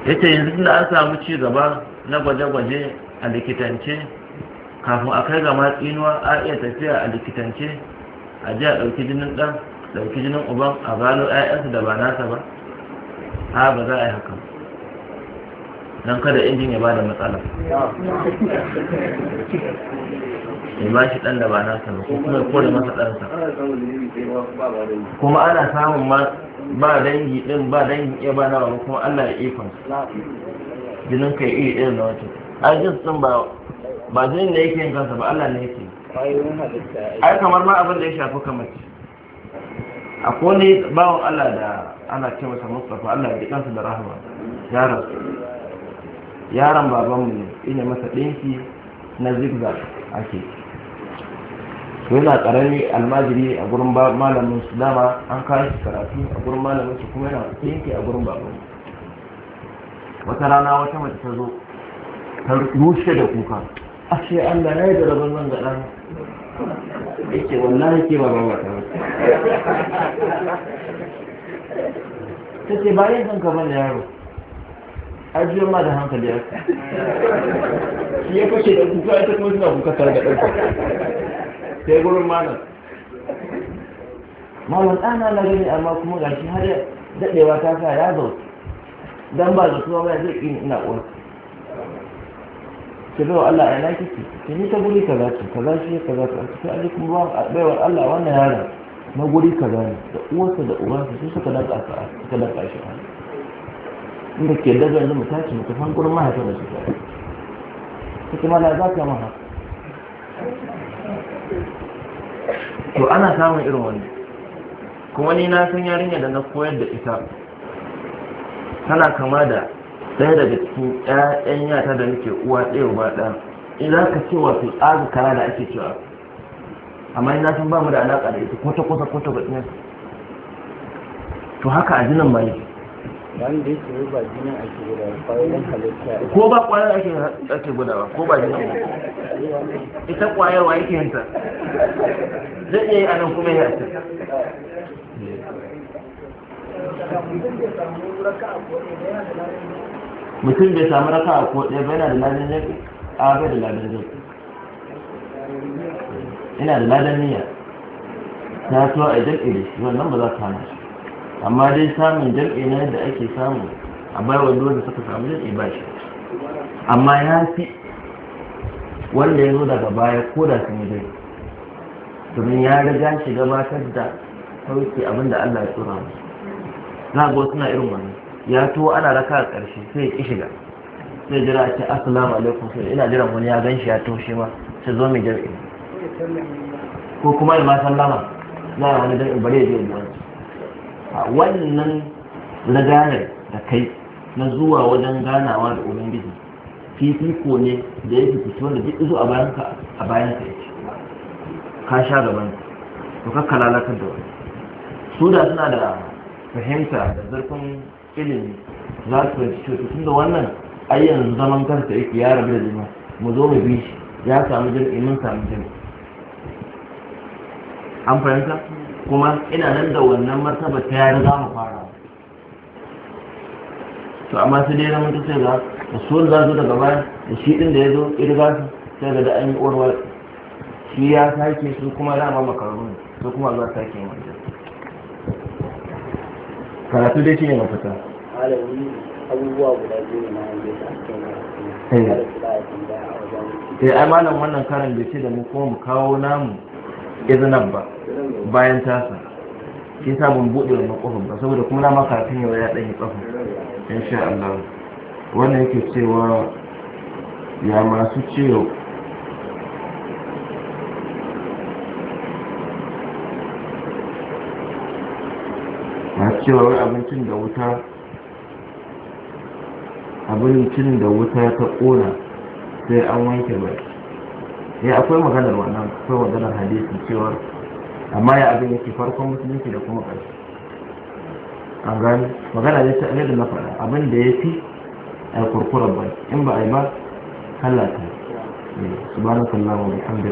ya ce yanzu da an samu ci gaba na gwaje-gwaje a likitance kafin a kai ga matsinuwa a iya tafiya a likitance a ji a ɗauki jinin ɗan ɗauki jinin uban a gano 'ya'yansa da ba nasa ba ha ba za a yi haka don kada injin ya ba da matsala ya ba shi ɗan da ba nasa ba kuma ya kore masa ɗansa kuma ana samun ba dangi ɗin ba dangi iya ba na ba kuma Allah ya ikon jinin kai iri irin na wancan ajin sun ba ba jinin da yake yin kansa ba Allah ne yake ai kamar ma abin da ya shafi kamar akwai wani bawan Allah da ana ce masa Mustapha Allah ya ji kansa da rahama yaron yaron babanmu ne ina masa ɗinki na zigzag ake yana karami almajiri a gurin malamin su dama an kawo shi karatu a gurin malamin su kuma yana yanke a gurin baban wata rana wata mace ta zo ta rushe da kuka ashe Allah ya yi da rabon nan ga ɗan yake wallahi ke ba ba ta ta ce bayan kan ka da yaro ajiye ma da hankali ya shi ya kashe da kuka ya ta kuma suna kuka tare da ɗauka sai gurin malam malam ɗana na gani amma kuma gashi har daɗewa ta sa ya zo dan ba kuma ba zai ƙi ina ƙwai ki zo Allah ya naki ki ki ni ta guri kaza ki kaza shi kaza ka ki sai kuma ba wa Allah wannan yaron na guri kaza ne da uwarsa da uwarsa su suka da ka suka ƙashi shi inda ke daga yanzu mu tashi mu tafi gurin mahaifin da su ka kuma la za ka mahaifa to ana samun irin wani, kuma ni na san yarinya da na koyar da ita tana kama da ɗaya daga cikin ƴaƴan yata da nake uwa ɗaya ba ɗaya in za ka ce wato tsaga kara da ake cewa amma ina san ba mu da alaƙa da ita kwata kwata kwata ba to haka a jinin ba yake wani da yake ba jinin ake gudawa kwayoyin halitta ko ba kwayoyin ake ake gudawa ko ba jini. ita kwayar wa yake yanta zai iya yi anan kuma ya ta mutum bai samu raka a ko ɗaya bai na da ladan zafi a bai da ladan zafi ina da ladan niyya ta tuwa a jam'i da shi wannan ba za ta hana shi amma dai samun jam'i na yadda ake samu a baiwa da suka samu jam'i ba shi amma ya fi wanda ya zo daga baya ko da sun yi domin ya riga shi gabatar da sauki abin da Allah ya tsora mu za ga wasu na irin wannan ya to ana raka a ƙarshe sai ya ƙi shiga sai jira a ce assalamu alaikum sai ina jiran wani ya gan shi ya toshe ma sai zo mai jam'i ko kuma ya ma sallama za a wani jam'i bari ya je wani wannan lagarar da kai na zuwa wajen ganawa da ubangiji fifiko ne da yake fito da duk zuwa a bayan ka a bayan ka yake ka sha gaban to ka kalalakar da wani su da suna da fahimta da zarfin ilimi za su fahimci cewa tun da wannan ayyan zaman kansa yake ya rabu da zuma, mu zo mu bi shi ya samu jami'i mun samu jami'i an fahimta kuma ina nan da wannan martaba ta yari za mu fara to amma su dai ramin ta sai ga da suwan za su daga baya da shi din da ya zo irga su sai ga da an yi orwal shi ya sake su kuma dama makaru su kuma za sake yin wajen karatu dai shi ne mafita abubuwa guda biyu ne na yanzu da ake eh. ba a wajen eh, ai malam wannan karin da ce da mu kuma mu kawo namu izinan ba bayan tasa shi yasa ban buɗe wannan kofar ba saboda kuma na maka kafin yau ya ɗanyi in sha Allah wannan yake cewa ya masu ciwo masu cewa wani abincin da wuta abincin da wuta ta ƙona sai an wanke baki ya eh, akwai maganar wannan akwai maganar hadisi cewar amma ya abin yake farkon musulunci da kuma ƙarshe an gani magana ne ta da na faɗa abin da ya fi a kurkurar bai in ba a yi ba hallata eh, subhanakallah wa bihamdika